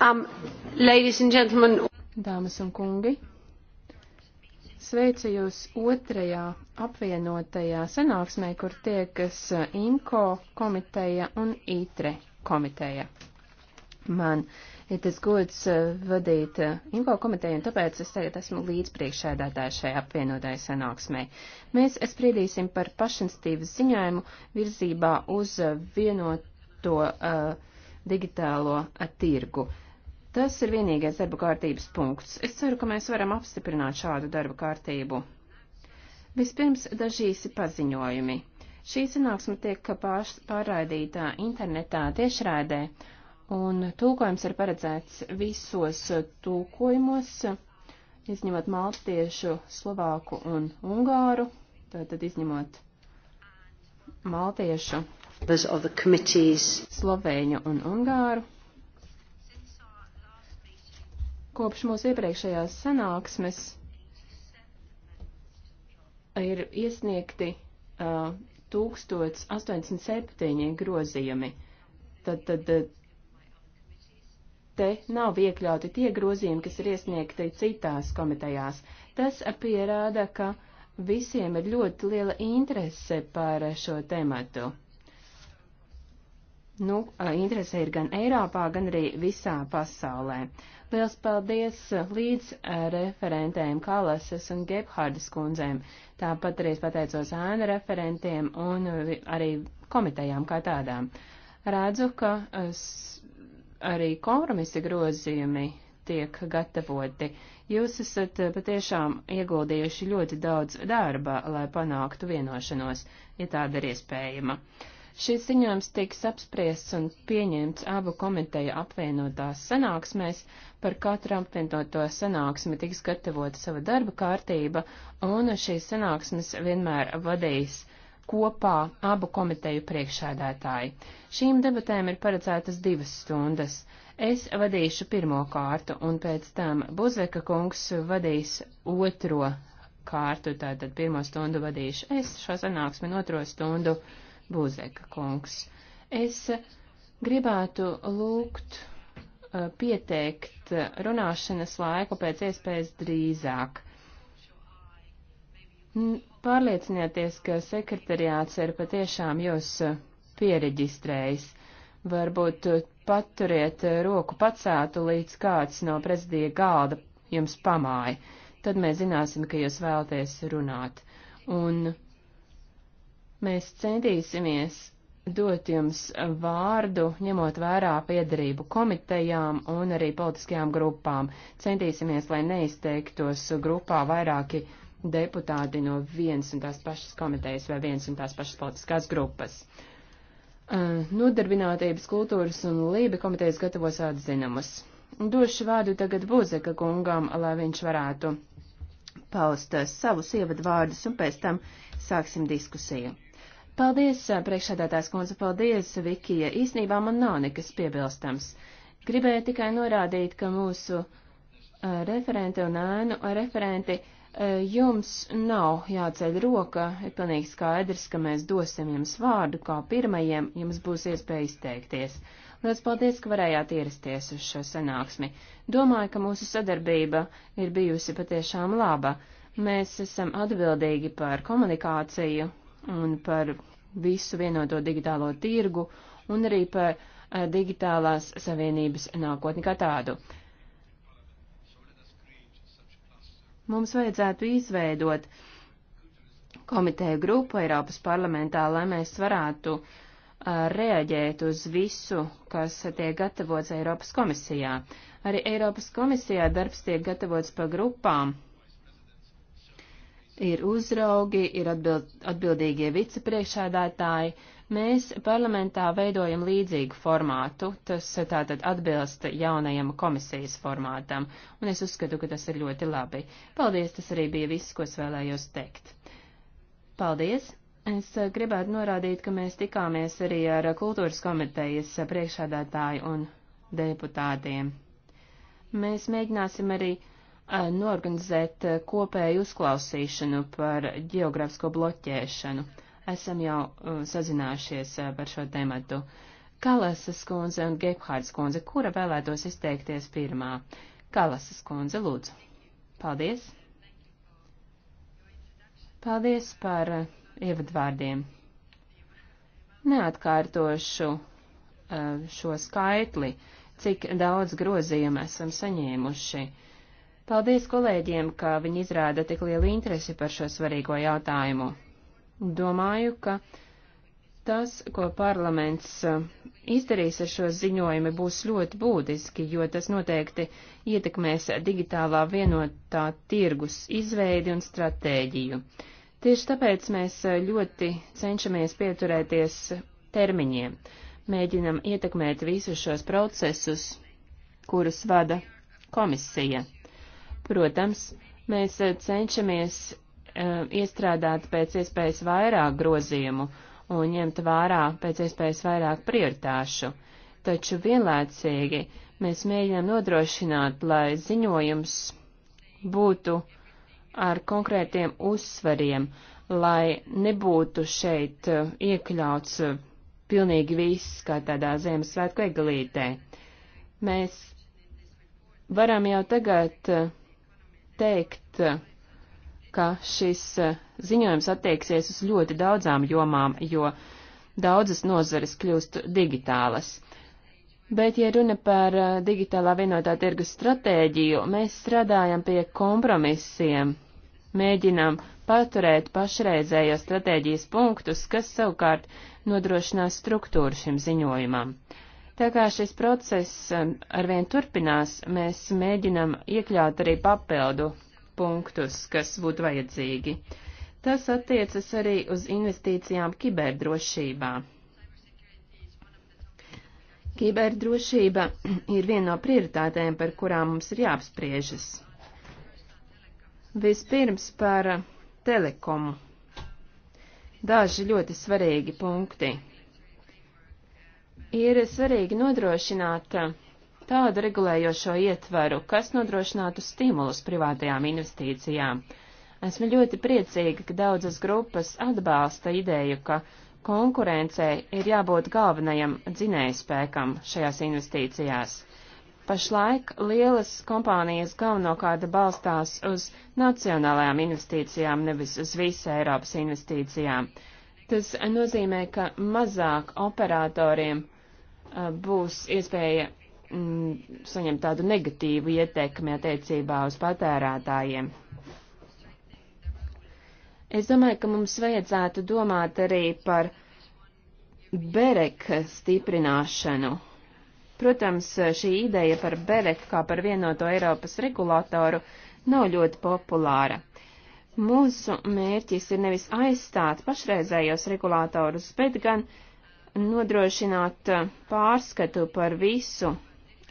Um, ladies and gentlemen. Dāmas un kungi, sveicu jūs otrajā apvienotajā sanāksmē, kur tiekas IMCO komiteja un ITRE komiteja. Man ir tas gods vadīt IMCO komiteju, un tāpēc es tagad esmu līdzpriekšēdētājs šajā apvienotajā sanāksmē. Mēs spriedīsim par pašinstīvas ziņojumu virzībā uz vienoto. Uh, digitālo eh, tirgu. Tas ir vienīgais darba kārtības punkts. Es ceru, ka mēs varam apstiprināt šādu darba kārtību. Vispirms dažīsi paziņojumi. Šī sanāksme tiek pārš, pārraidītā internetā tiešraidē, un tūkojums ir paredzēts visos tūkojumos, izņemot maltiešu, slovāku un ungāru, tātad izņemot maltiešu Slovēņu un Ungāru. Kopš mūsu iepriekšējās sanāksmes ir iesniegti uh, 1087 grozījumi. Tad, tad te nav iekļauti tie grozījumi, kas ir iesniegti citās komitejās. Tas pierāda, ka visiem ir ļoti liela interese par šo tematu. Nu, interese ir gan Eiropā, gan arī visā pasaulē. Liels paldies līdz referentēm Kalasas un Gebhardas kundzēm. Tāpat arī es pateicos ēna referentiem un arī komitejām kā tādām. Redzu, ka arī kompromisa grozījumi tiek gatavoti. Jūs esat patiešām ieguldījuši ļoti daudz darba, lai panāktu vienošanos, ja tāda ir iespējama. Uh, Šis ziņojums tiks apspriests un pieņemts abu komiteju apvienotās sanāksmēs, par katru apvienoto sanāksmi tiks gatavota sava darba kārtība, un šīs sanāksmes vienmēr vadīs kopā abu komiteju priekšsēdētāji. Šīm debatēm ir paredzētas divas stundas. Es vadīšu pirmo kārtu, un pēc tam Buzeka kungs vadīs otro kārtu, tātad pirmo stundu vadīšu es šo sanāksmi, otro stundu uh, Buzeka kungs. Es gribētu lūgt uh, pieteikt uh, runāšanas laiku pēc iespējas drīzāk. Pārliecinieties, ka sekretariāts ir patiešām jūs uh, piereģistrējis. Varbūt paturiet roku pacētu, līdz kāds no prezidija galda jums pamāja. Tad mēs zināsim, ka jūs vēlaties runāt. Un Mēs centīsimies dot jums vārdu, ņemot vērā piedarību komitejām un arī politiskajām grupām. Centīsimies, lai neizteiktos grupā vairāki deputāti no viens un tās pašas komitejas vai viens un tās pašas politiskās grupas. Uh, nodarbinātības kultūras un lība komitejas gatavos atzinumus. Došu vārdu tagad Buzeka kungam, lai viņš varētu paust savus ievadvārdus un pēc tam sāksim diskusiju. Paldies, eh, priekšsēdētājs kundze, paldies, Vikija. Īsnībā man nav nekas piebilstams. Gribēju tikai norādīt, ka mūsu uh, eh, referente un ēnu referenti uh, jums nav jāceļ roka, ir pilnīgi skaidrs, ka mēs dosim jums vārdu, kā pirmajiem jums būs iespēja izteikties. Liels paldies, ka varējāt ierasties uz šo sanāksmi. Domāju, ka mūsu sadarbība ir bijusi patiešām laba. Mēs esam atbildīgi par komunikāciju un par visu vienoto digitālo tirgu un arī par eh, digitālās savienības nākotni kā tādu. Mums vajadzētu izveidot komiteju grupu Eiropas parlamentā, lai mēs varētu uh, reaģēt uz visu, kas tiek gatavots Eiropas komisijā. Arī Eiropas komisijā darbs tiek gatavots pa grupām, ir uzraugi, ir atbild, atbildīgie vicepriekšādātāji. Mēs parlamentā veidojam līdzīgu formātu, tas eh, tātad atbilst jaunajam komisijas formātam, un es uzskatu, ka tas ir ļoti labi. Paldies, tas arī bija viss, ko es vēlējos teikt. Paldies! Es eh, gribētu norādīt, ka mēs tikāmies arī ar kultūras komitejas priekšādātāju un deputātiem. Mēs mēģināsim arī Eh, norganizēt eh, kopēju uzklausīšanu par geogrāfisko bloķēšanu. Esam jau uh, sazinājušies uh, par šo tematu. Kalasas kundze un Gebhārds kundze, kura vēlētos izteikties pirmā? Kalasas kundze, lūdzu. Paldies. Paldies par uh, ievadvārdiem. Neatkārtošu šo skaitli, cik daudz grozījumu esam saņēmuši. Uh, Paldies kolēģiem, ka viņi izrāda tik lielu interesi par šo svarīgo jautājumu. Domāju, ka tas, ko parlaments uh, izdarīs ar šo ziņojumu, būs ļoti būtiski, jo tas noteikti ietekmēs digitālā vienotā tirgus izveidi un stratēģiju. Tieši tāpēc mēs uh, ļoti cenšamies pieturēties termiņiem, mēģinam ietekmēt visus šos procesus, kurus vada komisija. Protams, mēs eh, cenšamies uh, iestrādāt pēc iespējas vairāk grozījumu un ņemt vērā pēc iespējas vairāk prioritāšu, taču vienlaicīgi mēs mēģinām nodrošināt, lai ziņojums būtu ar konkrētiem uzsvariem, lai nebūtu šeit eh, iekļauts pilnīgi viss, kā tādā Ziemassvētku egalītē. Mēs varam jau tagad teikt, ka šis eh, ziņojums attieksies uz ļoti daudzām jomām, jo daudzas nozares kļūst digitālas. Bet, ja runa par eh, digitālā vienotā tirgus stratēģiju, mēs strādājam pie kompromisiem, mēģinām paturēt pašreizējo stratēģijas punktus, kas savukārt nodrošinās struktūru šim ziņojumam. Tā kā šis process um, arvien turpinās, mēs mēģinam iekļaut arī papildu punktus, kas būtu vajadzīgi. Tas attiecas arī uz investīcijām kiberdrošībā. Kiberdrošība ir viena no prioritātēm, par kurām mums ir jāapspriežas. Vispirms par telekomu. Daži ļoti svarīgi punkti ir svarīgi nodrošināt tādu regulējošo ietvaru, kas nodrošinātu stimulus privātajām investīcijām. Esmu ļoti priecīga, ka daudzas grupas atbalsta ideju, ka konkurencei ir jābūt galvenajam dzinējspēkam šajās investīcijās. Pašlaik lielas kompānijas galvenokārt balstās uz nacionālajām investīcijām, nevis uz visu Eiropas investīcijām. Tas nozīmē, ka mazāk operatoriem Uh, būs iespēja mm, saņemt tādu negatīvu ieteikumu attiecībā uz patērētājiem. Es domāju, ka mums vajadzētu domāt arī par bereka stiprināšanu. Protams, šī ideja par bereku kā par vienoto Eiropas regulātoru nav ļoti populāra. Mūsu mērķis ir nevis aizstāt pašreizējos regulātorus, bet gan uh, nodrošināt eh, pārskatu par visu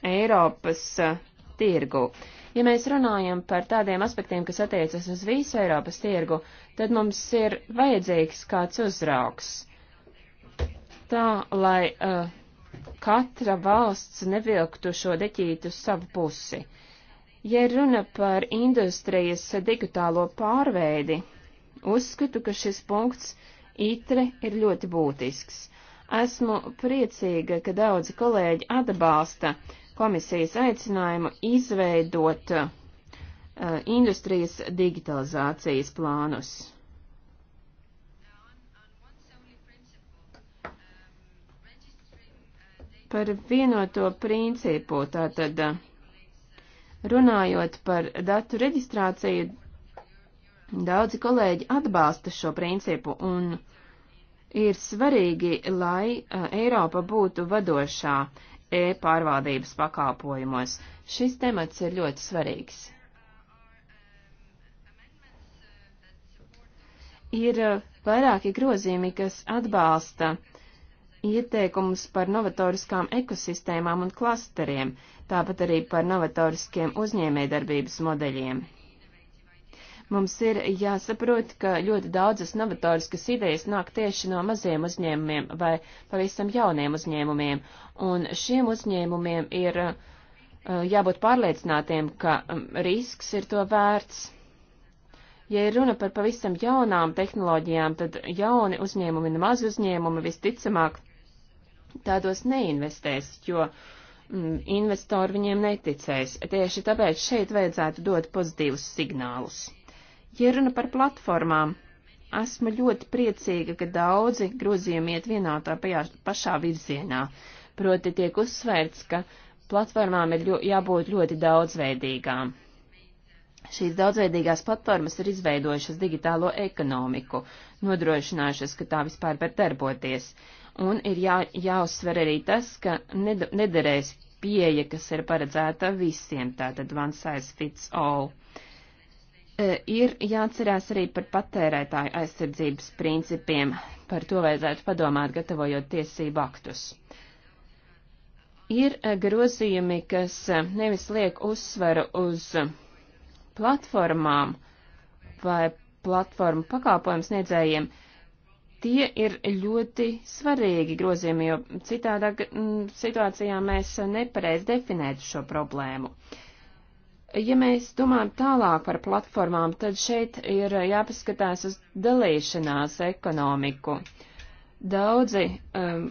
Eiropas eh, tirgu. Ja mēs runājam par tādiem aspektiem, kas attiecas uz visu Eiropas tirgu, tad mums ir vajadzīgs kāds uzraugs. Tā, lai uh, katra valsts nevilktu šo deķītu uz savu pusi. Ja runa par industrijas digitālo pārveidi, uzskatu, ka šis punkts itri ir ļoti būtisks. Esmu priecīga, ka daudzi kolēģi atbalsta komisijas aicinājumu izveidot uh, industrijas digitalizācijas plānus. Par vienoto principu, tātad uh, runājot par datu reģistrāciju, daudzi kolēģi atbalsta šo principu un uh, Ir svarīgi, lai uh, Eiropa būtu vadošā e-pārvaldības pakāpojumos. Šis temats ir ļoti svarīgs. Ir uh, vairāki grozījumi, kas atbalsta ieteikumus par novatoriskām ekosistēmām un klasteriem, tāpat arī par novatoriskiem uzņēmējdarbības modeļiem. Mums ir jāsaprot, ka ļoti daudzas novatoriskas idejas nāk tieši no maziem uzņēmumiem vai pavisam jauniem uzņēmumiem, un šiem uzņēmumiem ir uh, jābūt pārliecinātiem, ka um, risks ir to vērts. Ja ir runa par pavisam jaunām tehnoloģijām, tad jauni uzņēmumi un mazi uzņēmumi visticamāk tādos neinvestēs, jo mm, investori viņiem neticēs. Tieši tāpēc šeit vajadzētu dot pozitīvus signālus. Ja runa par platformām, esmu ļoti priecīga, ka daudzi grozījumi iet vienā tā pašā virzienā. Proti tiek uzsvērts, ka platformām ir ļo, jābūt ļoti daudzveidīgām. Šīs daudzveidīgās platformas ir izveidojušas digitālo ekonomiku, nodrošinājušas, ka tā vispār var darboties. Un ir jā, jāuzsver arī tas, ka ned, nederēs pieeja, kas ir paredzēta visiem, tātad one size fits all. Uh, E, ir jāatcerās arī par patērētāju aizsardzības principiem. Par to vajadzētu padomāt, gatavojot tiesību aktus. Ir e, grozījumi, kas e, nevis liek uzsveru uz platformām vai platformu pakāpojumu sniedzējiem. Tie ir ļoti svarīgi grozījumi, jo citādā situācijā mēs nepareiz definētu šo problēmu. Uh, Ja mēs domājam tālāk par platformām, tad šeit ir jāpaskatās uz dalīšanās ekonomiku. Daudzi um,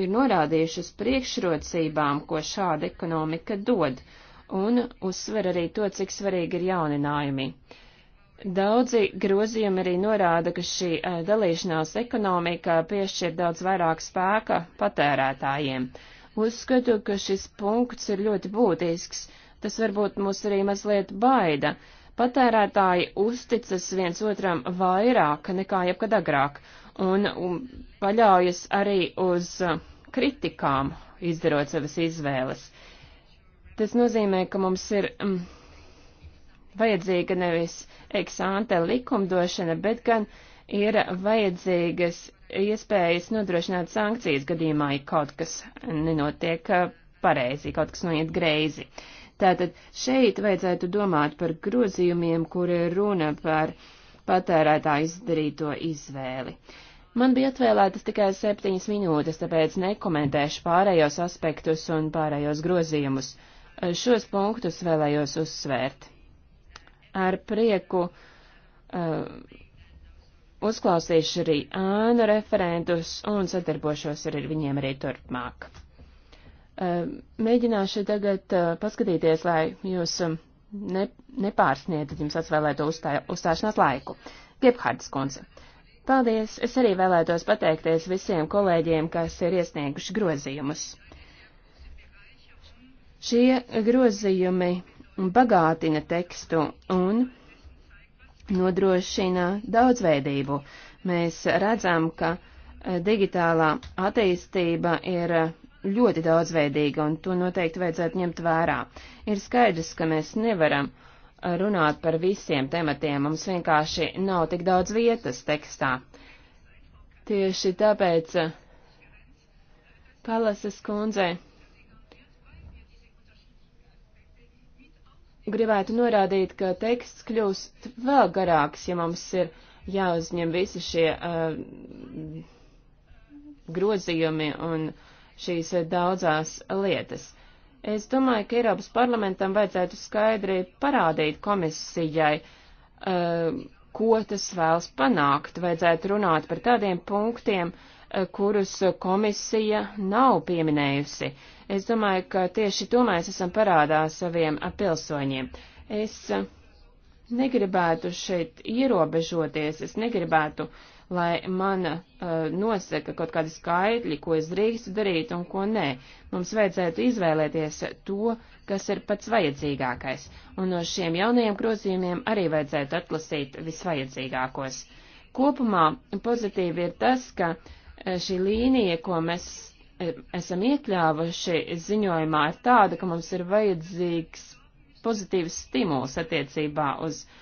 ir norādījuši uz priekšrocībām, ko šāda ekonomika dod, un uzsver arī to, cik svarīgi ir jauninājumi. Daudzi grozījumi arī norāda, ka šī uh, dalīšanās ekonomika piešķir daudz vairāk spēka patērētājiem. Uzskatu, ka šis punkts ir ļoti būtisks tas varbūt mūs arī mazliet baida. Patērētāji uzticas viens otram vairāk nekā jebkad agrāk un, un um, paļaujas arī uz uh, kritikām, izdarot savas izvēles. Tas nozīmē, ka mums ir mm, vajadzīga nevis eksāntē likumdošana, bet gan ir vajadzīgas iespējas nodrošināt sankcijas gadījumā, ja kaut kas nenotiek uh, pareizi, kaut kas noiet greizi. Uh, Tātad šeit vajadzētu domāt par grozījumiem, kur runa par patērētā izdarīto izvēli. Man bija atvēlētas tikai septiņas minūtes, tāpēc nekomentēšu pārējos aspektus un pārējos grozījumus. Šos punktus vēlējos uzsvērt. Ar prieku uh, uzklausīšu arī ānu referentus un sadarbošos ar viņiem arī turpmāk. Mēģināšu tagad paskatīties, lai jūs ne, nepārsniedzat jums atvēlēto uzstā, uzstāšanās laiku. Gebhards Kunze. Paldies! Es arī vēlētos pateikties visiem kolēģiem, kas ir iesnieguši grozījumus. Šie grozījumi bagātina tekstu un nodrošina daudzveidību. Mēs redzam, ka digitālā attīstība ir ļoti daudzveidīga, un to noteikti vajadzētu ņemt vērā. Ir skaidrs, ka mēs nevaram runāt par visiem tematiem, mums vienkārši nav tik daudz vietas tekstā. Tieši tāpēc eh, Palasas kundzei gribētu norādīt, ka teksts kļūst vēl garāks, ja mums ir jāuzņem visi šie uh, grozījumi un uh, šīs eh, daudzās lietas. Es domāju, ka Eiropas parlamentam vajadzētu skaidri parādīt komisijai, eh, ko tas vēlas panākt. Vajadzētu runāt par tādiem punktiem, eh, kurus komisija nav pieminējusi. Es domāju, ka tieši to mēs esam parādā saviem pilsoņiem. Es negribētu šeit ierobežoties, es negribētu uh, lai man uh, nosaka kaut kādi skaitļi, ko es drīkstu darīt un ko nē. Mums vajadzētu izvēlēties to, kas ir pats vajadzīgākais, un no šiem jaunajiem grozījumiem arī vajadzētu atlasīt visvajadzīgākos. Kopumā pozitīvi ir tas, ka uh, šī līnija, ko mēs uh, esam iekļāvuši ziņojumā, ir tāda, ka mums ir vajadzīgs pozitīvs stimuls attiecībā uz uh,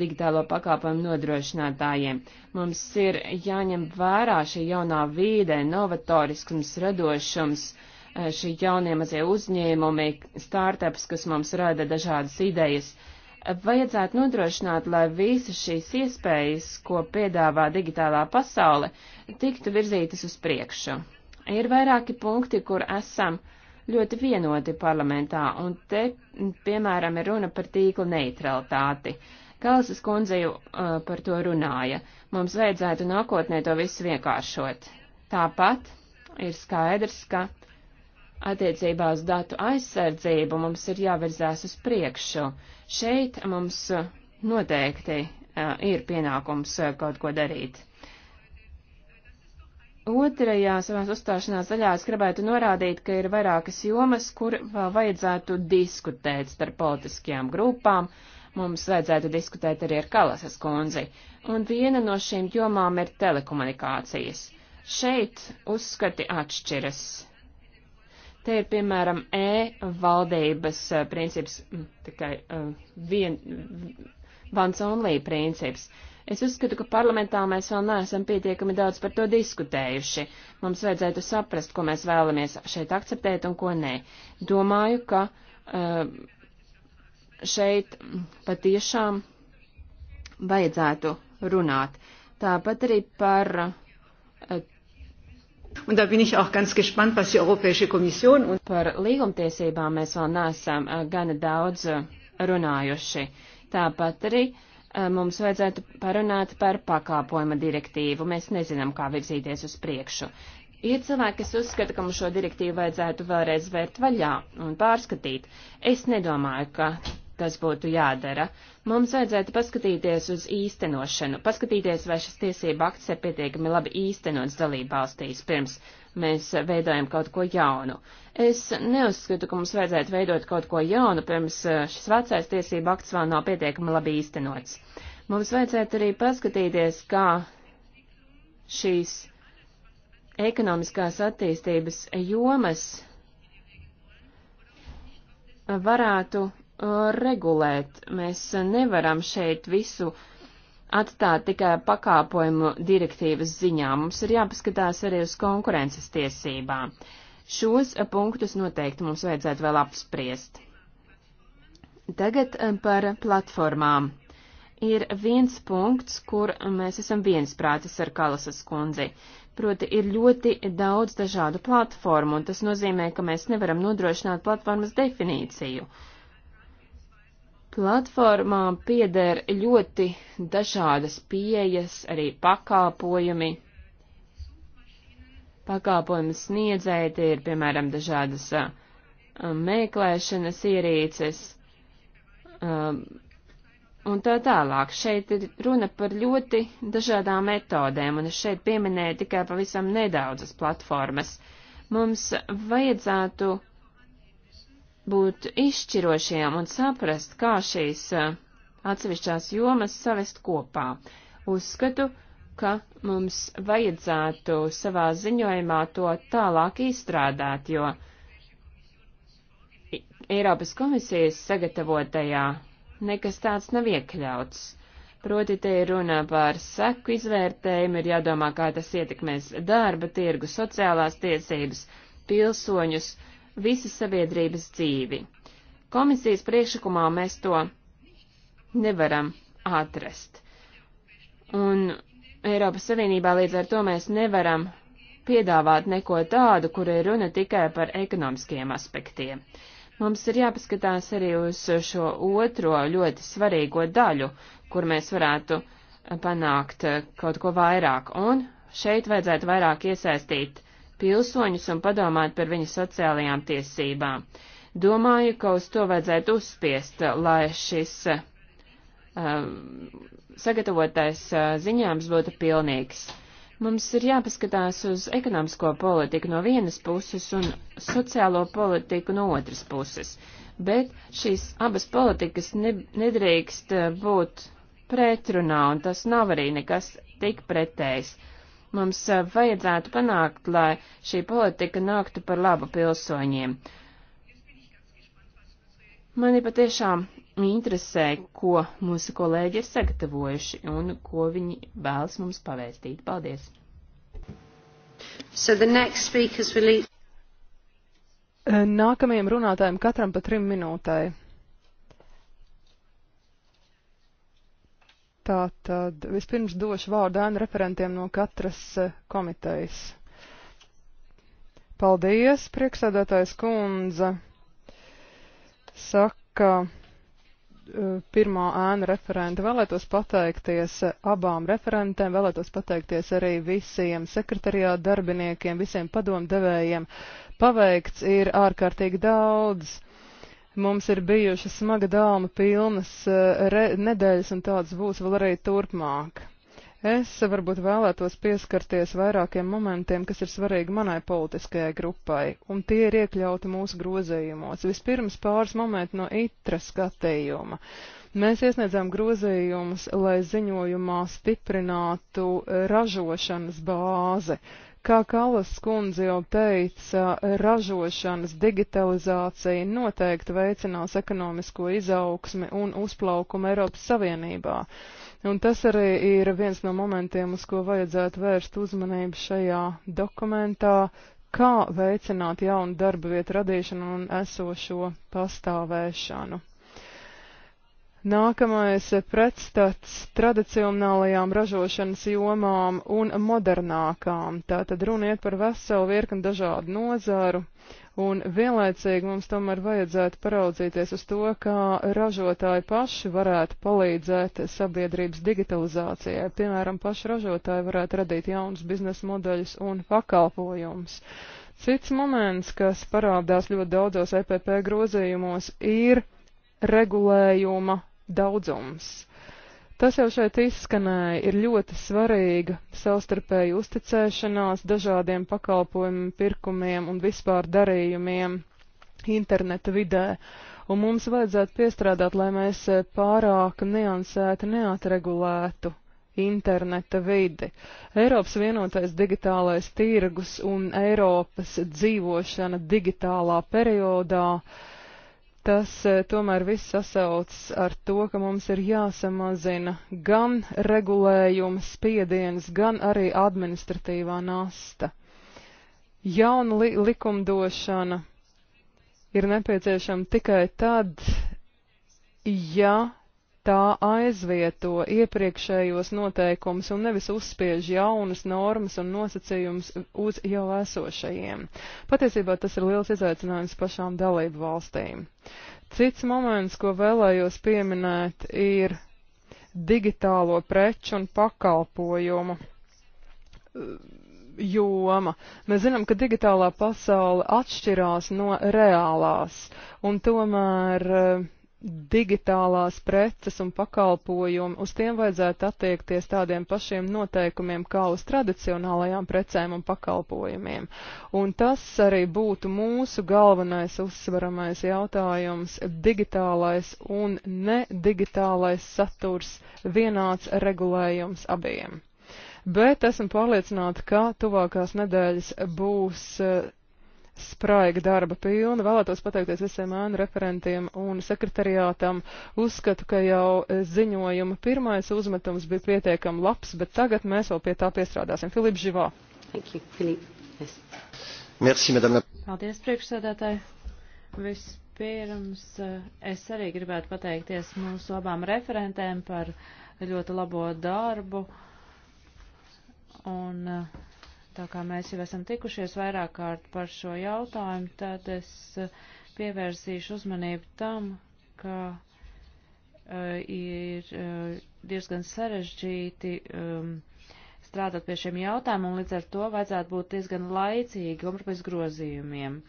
digitālo pakāpojumu nodrošinātājiem. Mums ir jāņem vērā šī jaunā vīde, novatoriskums, radošums, eh, šī jaunie mazie uzņēmumi, startups, kas mums rada dažādas idejas. Vajadzētu nodrošināt, lai visas šīs iespējas, ko piedāvā digitālā pasaule, tiktu virzītas uz priekšu. Ir vairāki punkti, kur esam ļoti vienoti parlamentā, un te, piemēram, ir runa par tīkla neutralitāti. Uh, Kalasas kundze jau uh, par to runāja. Mums vajadzētu nākotnē to visu vienkāršot. Tāpat ir skaidrs, ka attiecībā uz datu aizsardzību mums ir jāvirzās uz priekšu. Šeit mums noteikti uh, ir pienākums uh, kaut ko darīt. Otrajā savās uzstāšanās daļā es gribētu norādīt, ka ir vairākas jomas, kur vēl vajadzētu diskutēt starp politiskajām grupām, uh, mums vajadzētu diskutēt arī ar Kalasas kundzi. Un viena no šīm jomām ir telekomunikācijas. Šeit uzskati atšķiras. Te ir, piemēram, e-valdības e, princips, mm, tikai uh, vien, once only princips. Es uzskatu, ka parlamentā mēs vēl neesam pietiekami daudz par to diskutējuši. Mums vajadzētu saprast, ko mēs vēlamies šeit akceptēt un ko nē. Domāju, ka uh, šeit patiešām vajadzētu runāt. Tāpat arī par. Eh, un da bin ich auch ganz gespannt, was die Europäische Kommission un... Par līgumtiesībām mēs vēl neesam eh, gana daudz eh, runājuši. Tāpat arī mums vajadzētu parunāt par pakāpojuma direktīvu. Mēs nezinām, kā virzīties uz priekšu. Ir cilvēki, kas uzskata, ka mums šo direktīvu vajadzētu vēlreiz vērt vaļā un pārskatīt. Es nedomāju, ka tas būtu jādara. Mums vajadzētu paskatīties uz īstenošanu, paskatīties, vai šis tiesība akts ir pietiekami labi īstenots dalībvalstīs, pirms mēs veidojam kaut ko jaunu. Es neuzskatu, ka mums vajadzētu veidot kaut ko jaunu, pirms eh, šis vecais tiesība akts vēl nav pietiekami labi īstenots. Mums vajadzētu arī paskatīties, kā šīs ekonomiskās attīstības jomas varētu Uh, regulēt. Mēs nevaram šeit visu atstāt tikai pakāpojumu direktīvas ziņā. Mums ir jāpaskatās arī uz konkurences tiesībām. Šos punktus noteikti mums vajadzētu vēl apspriest. Tagad uh, par platformām. Ir viens punkts, kur mēs esam viensprātis ar Kalasas kundzi. Proti ir ļoti daudz dažādu platformu, un tas nozīmē, ka mēs nevaram nodrošināt platformas definīciju. Uh, Platformām pieder ļoti dažādas pieejas, arī pakāpojumi. Pakāpojumu sniedzēji tie ir, piemēram, dažādas a, mēklēšanas ierīces a, un tā tālāk. Šeit ir runa par ļoti dažādām metodēm, un es šeit pieminēju tikai pavisam nedaudzas platformas. Mums vajadzētu būt izšķirošajām un saprast, kā šīs atsevišķās jomas savest kopā. Uzskatu, ka mums vajadzētu savā ziņojumā to tālāk izstrādāt, jo Eiropas komisijas sagatavotajā nekas tāds nav iekļauts. Proti te ir runa par seku izvērtējumu, ir jādomā, kā tas ietekmēs darba tirgu, sociālās tiesības, pilsoņus, uh, visu sabiedrības dzīvi. Komisijas priekšlikumā mēs to nevaram atrast. Un Eiropas Savienībā līdz ar to mēs nevaram piedāvāt neko tādu, kur ir runa tikai par ekonomiskiem aspektiem. Mums ir jāpaskatās arī uz šo otro ļoti svarīgo daļu, kur mēs varētu panākt kaut ko vairāk, un šeit vajadzētu vairāk iesaistīt pilsoņus un padomāt par viņu sociālajām tiesībām. Domāju, ka uz to vajadzētu uzspiest, lai šis um, sagatavotais uh, ziņojums būtu pilnīgs. Mums ir jāpaskatās uz ekonomisko politiku no vienas puses un sociālo politiku no otras puses, bet šīs abas politikas ne, nedrīkst uh, būt pretrunā, un tas nav arī nekas tik pretējs. Uh, Mums eh, vajadzētu panākt, lai šī politika nāktu par labu pilsoņiem. Mani patiešām interesē, ko mūsu kolēģi ir sagatavojuši un ko viņi vēlas mums pavēstīt. Paldies! So the next speakers will... Nākamajam runātājam katram pa trim minūtēm. Tā tad vispirms došu vārdu ēnu referentiem no katras eh, komitejas. Paldies, priekšsēdētājs kundze. Saka, eh, pirmā ēna referenta vēlētos pateikties eh, abām referentēm, vēlētos pateikties arī visiem sekretariāta darbiniekiem, visiem padomdevējiem. Paveikts ir ārkārtīgi daudz. Mums ir bijušas smaga dāma pilnas eh, re, nedēļas, un tāds būs vēl arī turpmāk. Es varbūt vēlētos pieskarties vairākiem momentiem, kas ir svarīgi manai politiskajai grupai, un tie ir iekļauti mūsu grozījumos. Vispirms pāris momenti no itra skatījuma. Mēs iesniedzām grozījumus, lai ziņojumā stiprinātu ražošanas bāzi, Kā Kallas kundze jau teica, ražošanas digitalizācija noteikti veicinās ekonomisko izaugsmi un uzplaukumu Eiropas Savienībā. Un tas arī ir viens no momentiem, uz ko vajadzētu vērst uzmanību šajā dokumentā, kā veicināt jaunu darba vietu radīšanu un esošo pastāvēšanu. Nākamais pretstats tradicionālajām ražošanas jomām un modernākām. Tātad runiet par veselu virkni dažādu nozaru, un vienlaicīgi mums tomēr vajadzētu paraudzīties uz to, kā ražotāji paši varētu palīdzēt sabiedrības digitalizācijai. Piemēram, paši ražotāji varētu radīt jaunus biznesa modeļus un pakalpojumus. Cits moments, kas parādās ļoti daudzos EPP grozījumos, ir regulējuma daudzums. Tas jau šeit izskanēja, ir ļoti svarīga savstarpēja uzticēšanās dažādiem pakalpojumiem, pirkumiem un vispār darījumiem interneta vidē, un mums vajadzētu piestrādāt, lai mēs pārāk neansēti neatregulētu interneta vidi. Eiropas vienotais digitālais tirgus un Eiropas dzīvošana digitālā periodā uh, Tas eh, tomēr viss sasaucas ar to, ka mums ir jāsamazina gan regulējuma spiediens, gan arī administratīvā nasta. Jauna li likumdošana ir nepieciešama tikai tad, ja tā aizvieto iepriekšējos noteikumus un nevis uzspiež jaunas normas un nosacījumus uz jau esošajiem. Patiesībā tas ir liels izaicinājums pašām dalību valstīm. Cits moments, ko vēlējos pieminēt, ir digitālo preču un pakalpojumu uh, joma. Mēs zinām, ka digitālā pasaule atšķirās no reālās, un tomēr uh, digitālās preces un pakalpojumi, uz tiem vajadzētu attiekties tādiem pašiem noteikumiem kā uz tradicionālajām precēm un pakalpojumiem. Un tas arī būtu mūsu galvenais uzsvaramais jautājums - digitālais un nedigitālais saturs, vienāds regulējums abiem. Bet esmu pārliecināta, ka tuvākās nedēļas būs eh, spraiga darba pilna. Vēlētos pateikties visiem ēnu referentiem un sekretariātam. Uzskatu, ka jau ziņojuma pirmais uzmetums bija pietiekami labs, bet tagad mēs vēl pie tā piestrādāsim. Filips Živā. Thank you, Filip. Yes. Merci, madame. Paldies, priekšsēdētāji. Vispirms eh, es arī gribētu pateikties mūsu abām referentēm par ļoti labo darbu. Un uh, Tā kā mēs jau esam tikušies vairāk kārt par šo jautājumu, tad es eh, pievērsīšu uzmanību tam, ka uh, ir uh, diezgan sarežģīti um, strādāt pie šiem jautājumiem, un līdz ar to vajadzētu būt diezgan laicīgam pēc grozījumiem.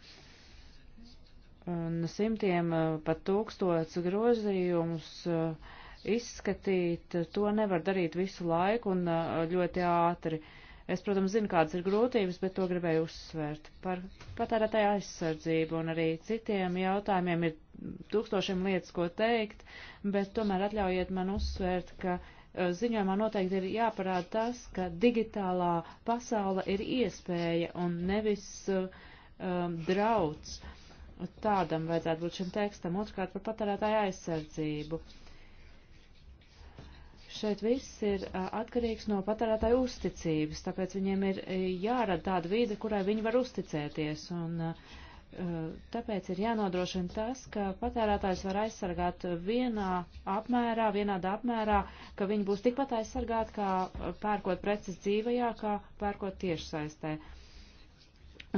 Un simtiem, uh, pat tūkstots grozījumus uh, izskatīt, to nevar darīt visu laiku un uh, ļoti ātri. Uh, Es, protams, zinu, kādas ir grūtības, bet to gribēju uzsvērt. Par patērētāju aizsardzību un arī citiem jautājumiem ir tūkstošiem lietas, ko teikt, bet tomēr atļaujiet man uzsvērt, ka e, ziņojumā noteikti ir jāparāda tas, ka digitālā pasaula ir iespēja un nevis um, drauds. Tādam vajadzētu būt šim tekstam. Otrkārt par patērētāju aizsardzību. Uh, Šeit viss ir atkarīgs no patērētāju uzticības, tāpēc viņiem ir jārada tāda vīde, kurai viņi var uzticēties. Un, Tāpēc ir jānodrošina tas, ka patērētājs var aizsargāt vienā apmērā, vienādā apmērā, ka viņi būs tikpat aizsargāti, kā pērkot preces dzīvajā, kā pērkot tiešsaistē.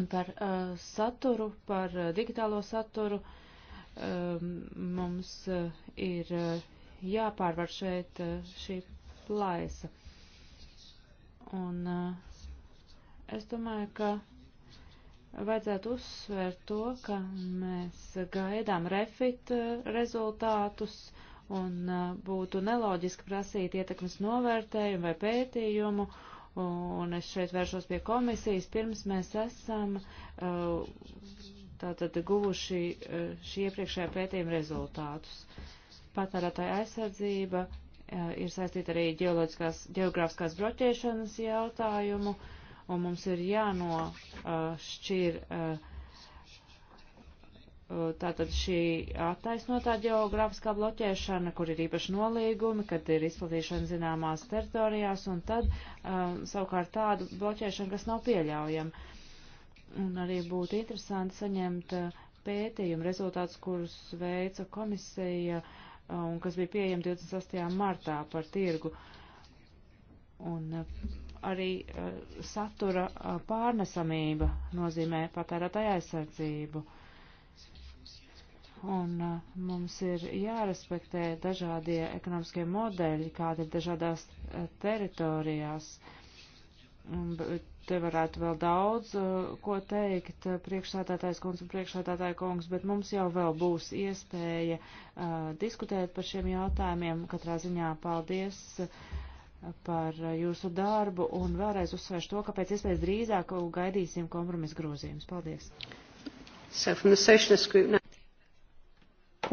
Un par uh, saturu, par digitālo saturu um, mums uh, ir uh, jāpārvar šeit eh, šī plaisa. Un eh, es domāju, ka vajadzētu uzsvērt to, ka mēs gaidām refit eh, rezultātus un būtu neloģiski prasīt ietekmes novērtējumu vai pētījumu. Un es šeit vēršos pie komisijas, pirms mēs esam tātad guvuši šī iepriekšējā pētījuma rezultātus. Patērētāja aizsardzība e, ir saistīta arī ģeoloģiskās, ģeogrāfiskās broķēšanas jautājumu, un mums ir jānošķir e, e, tātad šī attaisnotā ģeogrāfiskā bloķēšana, kur ir īpaši nolīgumi, kad ir izplatīšana zināmās teritorijās, un tad um, savukārt tādu bloķēšanu, kas nav pieļaujama. Un arī būtu interesanti saņemt pētījumu rezultātus, kurus veica komisija uh, Uh, un kas bija pieejama 28. martā par tirgu. Un uh, arī uh, satura pārnesamība nozīmē patērētāja aizsardzību. Un mums ir jārespektē dažādie ekonomiskie modeļi, kādi ir dažādās teritorijās. Bet te varētu vēl daudz uh, ko teikt uh, priekšsādātājs kungs un priekšsādātāja kungs, bet mums jau vēl būs iespēja uh, diskutēt par šiem jautājumiem. Katrā ziņā paldies uh, par jūsu darbu un vēlreiz uzsvēršu to, ka pēc iespējas drīzāk gaidīsim kompromisu grozījumus. Paldies!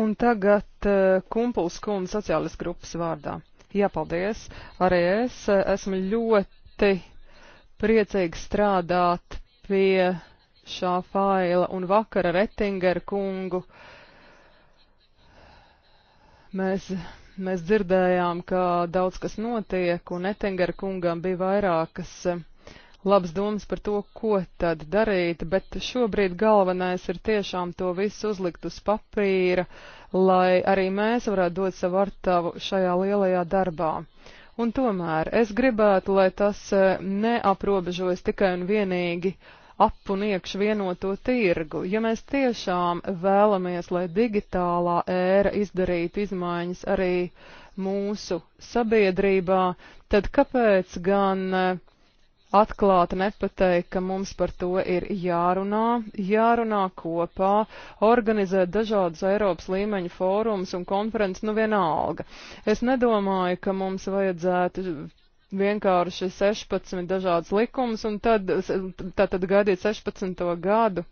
Un tagad uh, Kumpuls kundze sociālistu grupas vārdā. Jā, paldies. Arī es esmu ļoti priecīgs strādāt pie šā faila un vakara Rettinger kungu. Mēs, mēs dzirdējām, ka daudz kas notiek, un Ettinger kungam bija vairākas eh, labas domas par to, ko tad darīt, bet šobrīd galvenais ir tiešām to visu uzlikt uz papīra, lai arī mēs varētu dot savu artavu šajā lielajā darbā. Un tomēr es gribētu, lai tas e, neaprobežojas tikai un vienīgi ap un iekš vienoto tirgu. Ja mēs tiešām vēlamies, lai digitālā ēra izdarītu izmaiņas arī mūsu sabiedrībā, tad kāpēc gan uh, atklāti nepateikt, ka mums par to ir jārunā, jārunā kopā, organizēt dažādas Eiropas līmeņa fórums un konferences, nu vienalga. Es nedomāju, ka mums vajadzētu vienkārši 16 dažādas likumus un tad, tad gaidīt 16. gadu.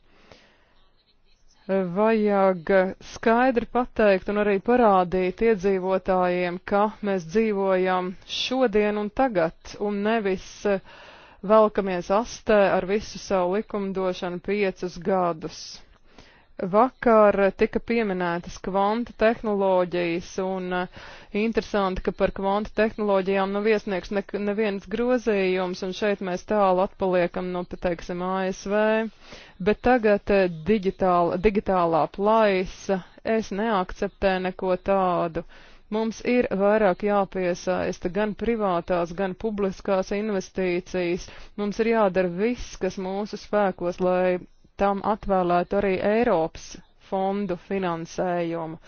Vajag skaidri pateikt un arī parādīt iedzīvotājiem, ka mēs dzīvojam šodien un tagad un nevis uh, velkamies astē ar visu savu likumdošanu piecus gadus. Vakar tika pieminētas kvanta tehnoloģijas, un eh, interesanti, ka par kvanta tehnoloģijām nav iesniegts ne, neviens grozījums, un šeit mēs tālu atpaliekam no, nu, teiksim, ASV. Bet tagad eh, digitāla, digitālā plaisa, es neakceptēju neko tādu. Uh, Mums ir vairāk jāpiesaista gan privātās, gan publiskās investīcijas. Mums ir jādara viss, kas mūsu spēkos, lai tam atvēlētu arī Eiropas fondu finansējumu.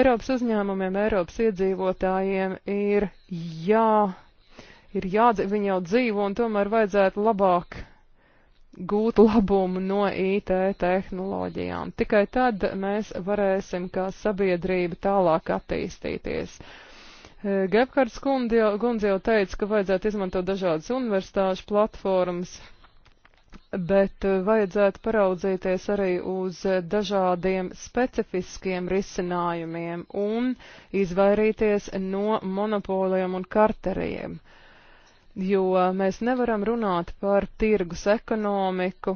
Eiropas uzņēmumiem, Eiropas iedzīvotājiem ir jā, ir jādzīvo, viņi jau dzīvo un tomēr vajadzētu labāk gūt labumu no IT tehnoloģijām. Tikai tad mēs varēsim kā sabiedrība tālāk attīstīties. E, Gepkards kundze jau teica, ka vajadzētu izmantot dažādas universitāšu platformas, bet e, vajadzētu paraudzīties arī uz dažādiem specifiskiem risinājumiem un izvairīties no monopoliem un karteriem. Uh, jo mēs nevaram runāt par tirgus ekonomiku,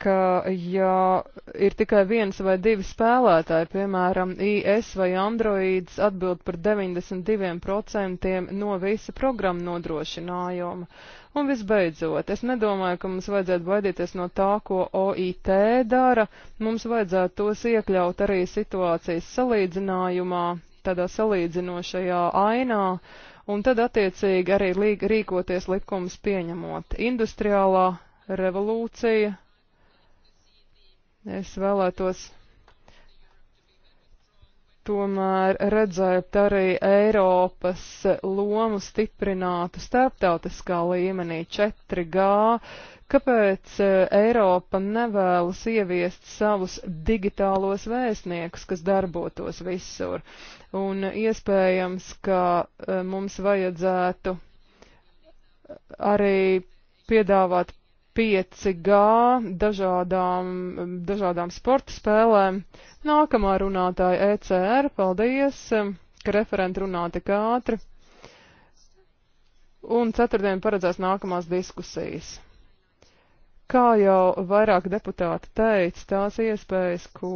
ka ja ir tikai viens vai divi spēlētāji, piemēram, IS vai Androids atbild par 92% no visa programma nodrošinājuma. Un visbeidzot, es nedomāju, ka mums vajadzētu baidīties no tā, ko OIT dara, mums vajadzētu tos iekļaut arī situācijas salīdzinājumā, tādā salīdzinošajā ainā, uh, un tad attiecīgi arī rīkoties likums pieņemot. Industriālā revolūcija. Es vēlētos tomēr redzēt arī Eiropas lomu stiprinātu starptautiskā līmenī 4G, kāpēc e, Eiropa nevēlas ieviest savus digitālos vēstniekus, kas darbotos visur un iespējams, ka e, mums vajadzētu arī piedāvāt 5G dažādām, dažādām sporta spēlēm. Nākamā runātāja ECR, paldies, e, ka referenti runā tik ātri. Un ceturtdien paredzēs nākamās diskusijas. Kā jau vairāk deputāti teica, tās iespējas, ko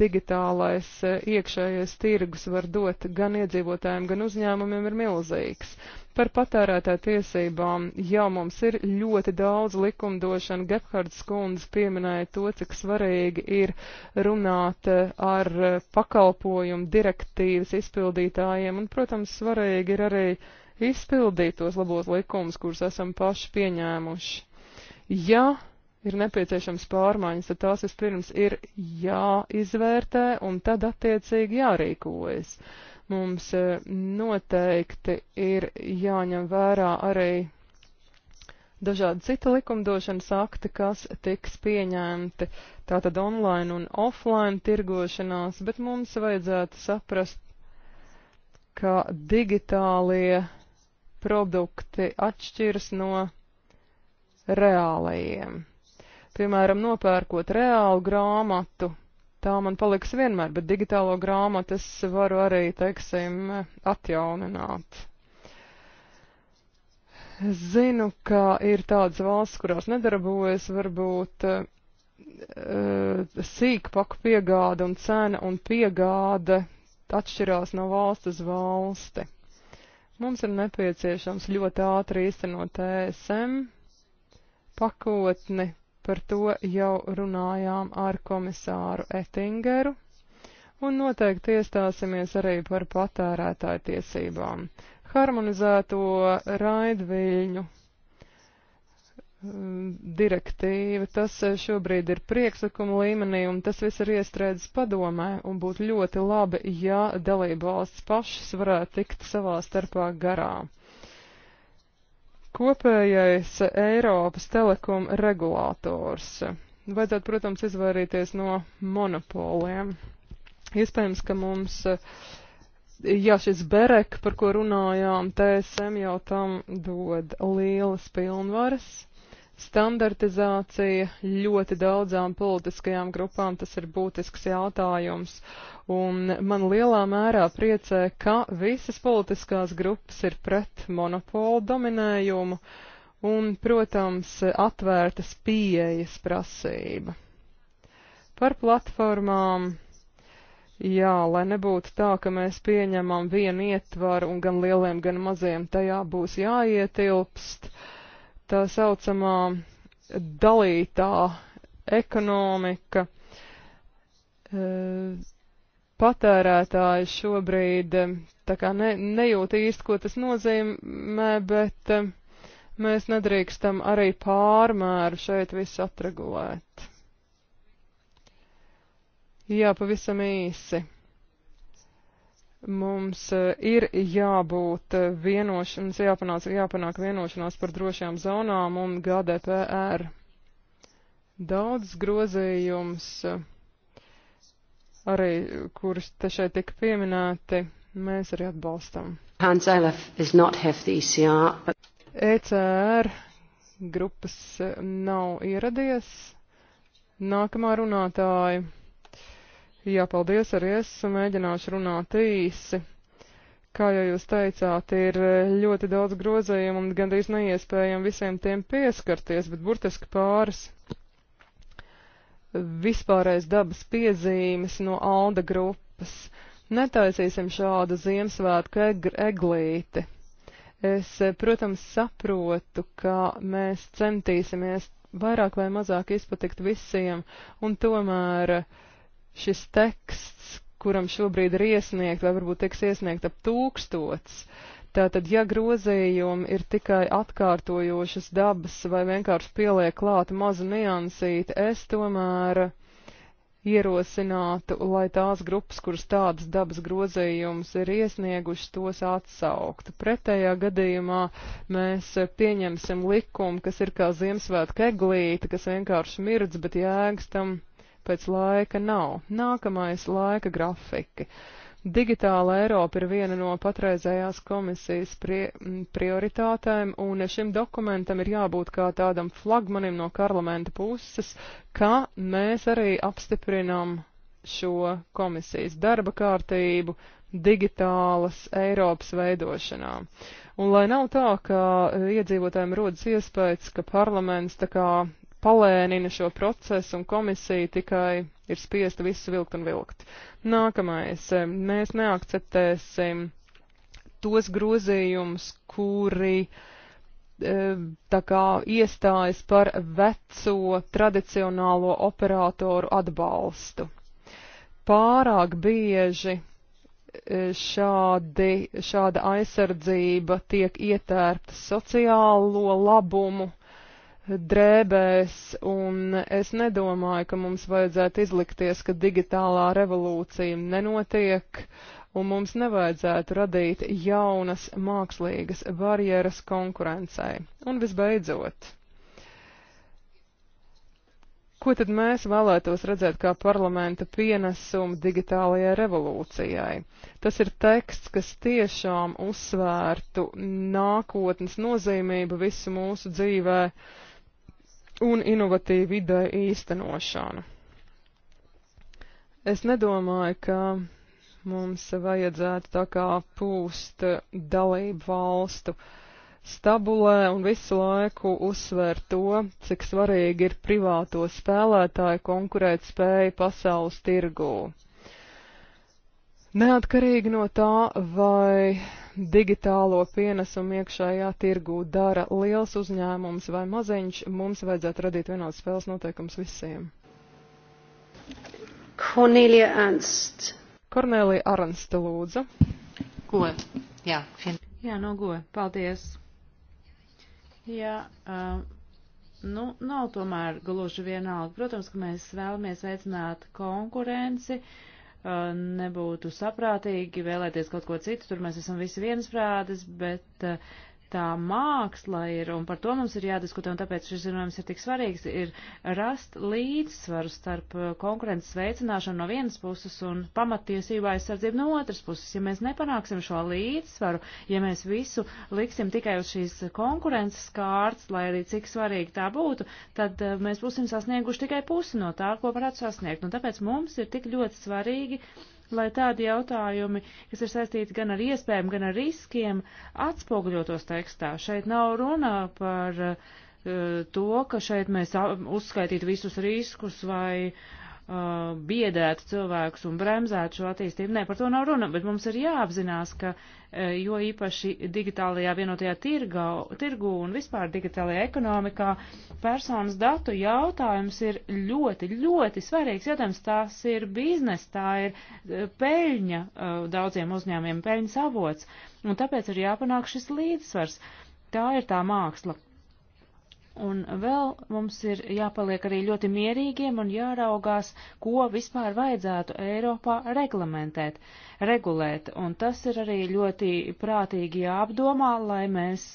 digitālais e, iekšējais tirgus var dot gan iedzīvotājiem, gan uzņēmumiem, ir milzīgs. Par patērētāju tiesībām jau mums ir ļoti daudz likumdošana. Gephards kundze pieminēja to, cik svarīgi ir runāt e, ar e, pakalpojumu direktīvas izpildītājiem, un, protams, svarīgi ir arī izpildīt tos labos likumus, kurus esam paši pieņēmuši. Ja ir nepieciešams pārmaiņas, tad tās vispirms ir jāizvērtē un tad attiecīgi jārīkojas. Mums e, noteikti ir jāņem vērā arī dažādi citi likumdošanas akti, kas tiks pieņemti tātad online un offline tirgošanās, bet mums vajadzētu saprast, ka digitālie produkti atšķiras no reālajiem. Piemēram, nopērkot reālu grāmatu, tā man paliks vienmēr, bet digitālo grāmatu es varu arī, teiksim, atjaunināt. Es zinu, ka ir tādas valsts, kurās nedarbojas varbūt eh, sīkpaku piegāde un cena un piegāde atšķirās no valsts uz valsti. Mums ir nepieciešams ļoti ātri īstenot ESM pakotni, Par to jau runājām ar komisāru Ettingeru. Un noteikti iestāsimies arī par patērētāju tiesībām. Harmonizēto raidviļņu um, direktīva. Tas eh, šobrīd ir priekšlikuma līmenī, un tas viss ir iestrēdzis padomē, un būtu ļoti labi, ja dalība valsts pašas varētu tikt savā starpā garā. Kopējais Eiropas telekom regulators. Vajadzētu, protams, izvairīties no monopoliem. Iespējams, ka mums, ja šis berek, par ko runājām, TSM jau tam dod lielas pilnvaras Standartizācija ļoti daudzām politiskajām grupām tas ir būtisks jautājums, un man lielā mērā priecē, ka visas politiskās grupas ir pret monopolu dominējumu un, protams, atvērtas pieejas prasība. Par platformām. Jā, lai nebūtu tā, ka mēs pieņemam vienu ietvaru un gan lieliem, gan maziem tajā būs jāietilpst. Uh, tā saucamā dalītā ekonomika. E, patērētāji šobrīd e, tā kā ne, nejūt īsti, ko tas nozīmē, bet e, mēs nedrīkstam arī pārmēru šeit visu atregulēt. Jā, pavisam īsi mums e, ir jābūt vienošanās, jāpanāc, jāpanāk vienošanās par drošām zonām un GDPR. Daudz grozījums, e, arī kurus te šeit tika pieminēti, mēs arī atbalstam. Hans Elef does not have the ECR. But... ECR grupas e, nav ieradies. Nākamā runātāja. Jā, paldies arī es mēģināšu runāt īsi. Kā jau jūs teicāt, ir e, ļoti daudz grozējumu un gandrīz neiespējami visiem tiem pieskarties, bet burtiski pāris vispārreiz dabas piezīmes no Alda grupas. Netaisīsim šādu Ziemassvētku eglīti. Es, e, protams, saprotu, ka mēs centīsimies vairāk vai mazāk izpatikt visiem, un tomēr uh, šis teksts, kuram šobrīd ir iesniegt, vai varbūt tiks iesniegt ap tūkstots. Tātad, ja grozījumi ir tikai atkārtojošas dabas vai vienkārši pieliek klāt mazu niansīti, es tomēr ierosinātu, lai tās grupas, kuras tādas dabas grozījumus ir iesniegušas, tos atsauktu. Pretējā gadījumā mēs pieņemsim likumu, kas ir kā Ziemassvētku eglīte, kas vienkārši mirdz, bet jēgas tam pēc laika nav. Nākamais laika grafiki. Digitāla Eiropa ir viena no patreizējās komisijas prie, prioritātēm, un šim dokumentam ir jābūt kā tādam flagmanim no parlamenta puses, ka mēs arī apstiprinam šo komisijas darba kārtību digitālas Eiropas veidošanā. Un lai nav tā, ka e, iedzīvotājiem rodas iespējas, ka parlaments tā kā palēnina šo procesu, un komisija tikai ir spiesta visu vilkt un vilkt. Nākamais. Eh, mēs neakceptēsim tos grozījumus, kuri eh, tā kā iestājas par veco tradicionālo operatoru atbalstu. Pārāk bieži eh, šādi, šāda aizsardzība tiek ietērta sociālo labumu drēbēs, un es nedomāju, ka mums vajadzētu izlikties, ka digitālā revolūcija nenotiek, un mums nevajadzētu radīt jaunas mākslīgas barjeras konkurencei. Un visbeidzot, ko tad mēs vēlētos redzēt kā parlamenta pienesumu digitālajai revolūcijai? Tas ir teksts, kas tiešām uzsvērtu nākotnes nozīmību visu mūsu dzīvē un inovatīvu ideju īstenošanu. Es nedomāju, ka mums vajadzētu tā kā pūst dalību valstu stabulē un visu laiku uzsver to, cik svarīgi ir privāto spēlētāju konkurēt spēju pasaules tirgū. Neatkarīgi no tā, vai digitālo pienesumu iekšējā tirgū dara liels uzņēmums vai maziņš, mums vajadzētu radīt vienādas spēles noteikums visiem. Kornelija Ernst. Kornelija Ernst, lūdzu. Ko? Jā, fin. Jā, no go. Paldies. Jā, uh, nu, nav tomēr gluži vienalga. Protams, ka mēs vēlamies veicināt konkurenci. Uh, Uh, nebūtu saprātīgi vēlēties kaut ko citu, tur mēs esam visi viensprādes, bet uh, tā māksla ir, un par to mums ir jādiskutē, un tāpēc šis zinājums ir tik svarīgs, ir rast līdzsvaru starp uh, konkurences veicināšanu no vienas puses un pamattiesību aizsardzību no otras puses. Ja mēs nepanāksim šo līdzsvaru, ja mēs visu liksim tikai uz šīs konkurences kārtas, lai arī cik svarīgi tā būtu, tad uh, mēs būsim sasnieguši tikai pusi no tā, ko varētu sasniegt. Un tāpēc mums ir tik ļoti svarīgi lai tādi jautājumi, kas ir saistīti gan ar iespējām, gan ar riskiem, atspoguļotos tekstā. Šeit nav runā par uh, to, ka šeit mēs uzskaitītu visus riskus vai uh, uh, biedētu cilvēkus un bremzētu šo attīstību. Nē, par to nav runa, bet mums ir jāapzinās, ka uh, jo īpaši digitālajā vienotajā tirgā, tirgu un vispār digitālajā ekonomikā personas datu jautājums ir ļoti, ļoti svarīgs jautājums. Tās ir biznes, tā ir uh, peļņa uh, daudziem uzņēmiem, peļņas avots, un tāpēc ir jāpanāk šis līdzsvars. Tā ir tā māksla, Un vēl mums ir jāpaliek arī ļoti mierīgiem un jāraugās, ko vispār vajadzētu Eiropā reglamentēt, regulēt. Un tas ir arī ļoti prātīgi jāapdomā, lai mēs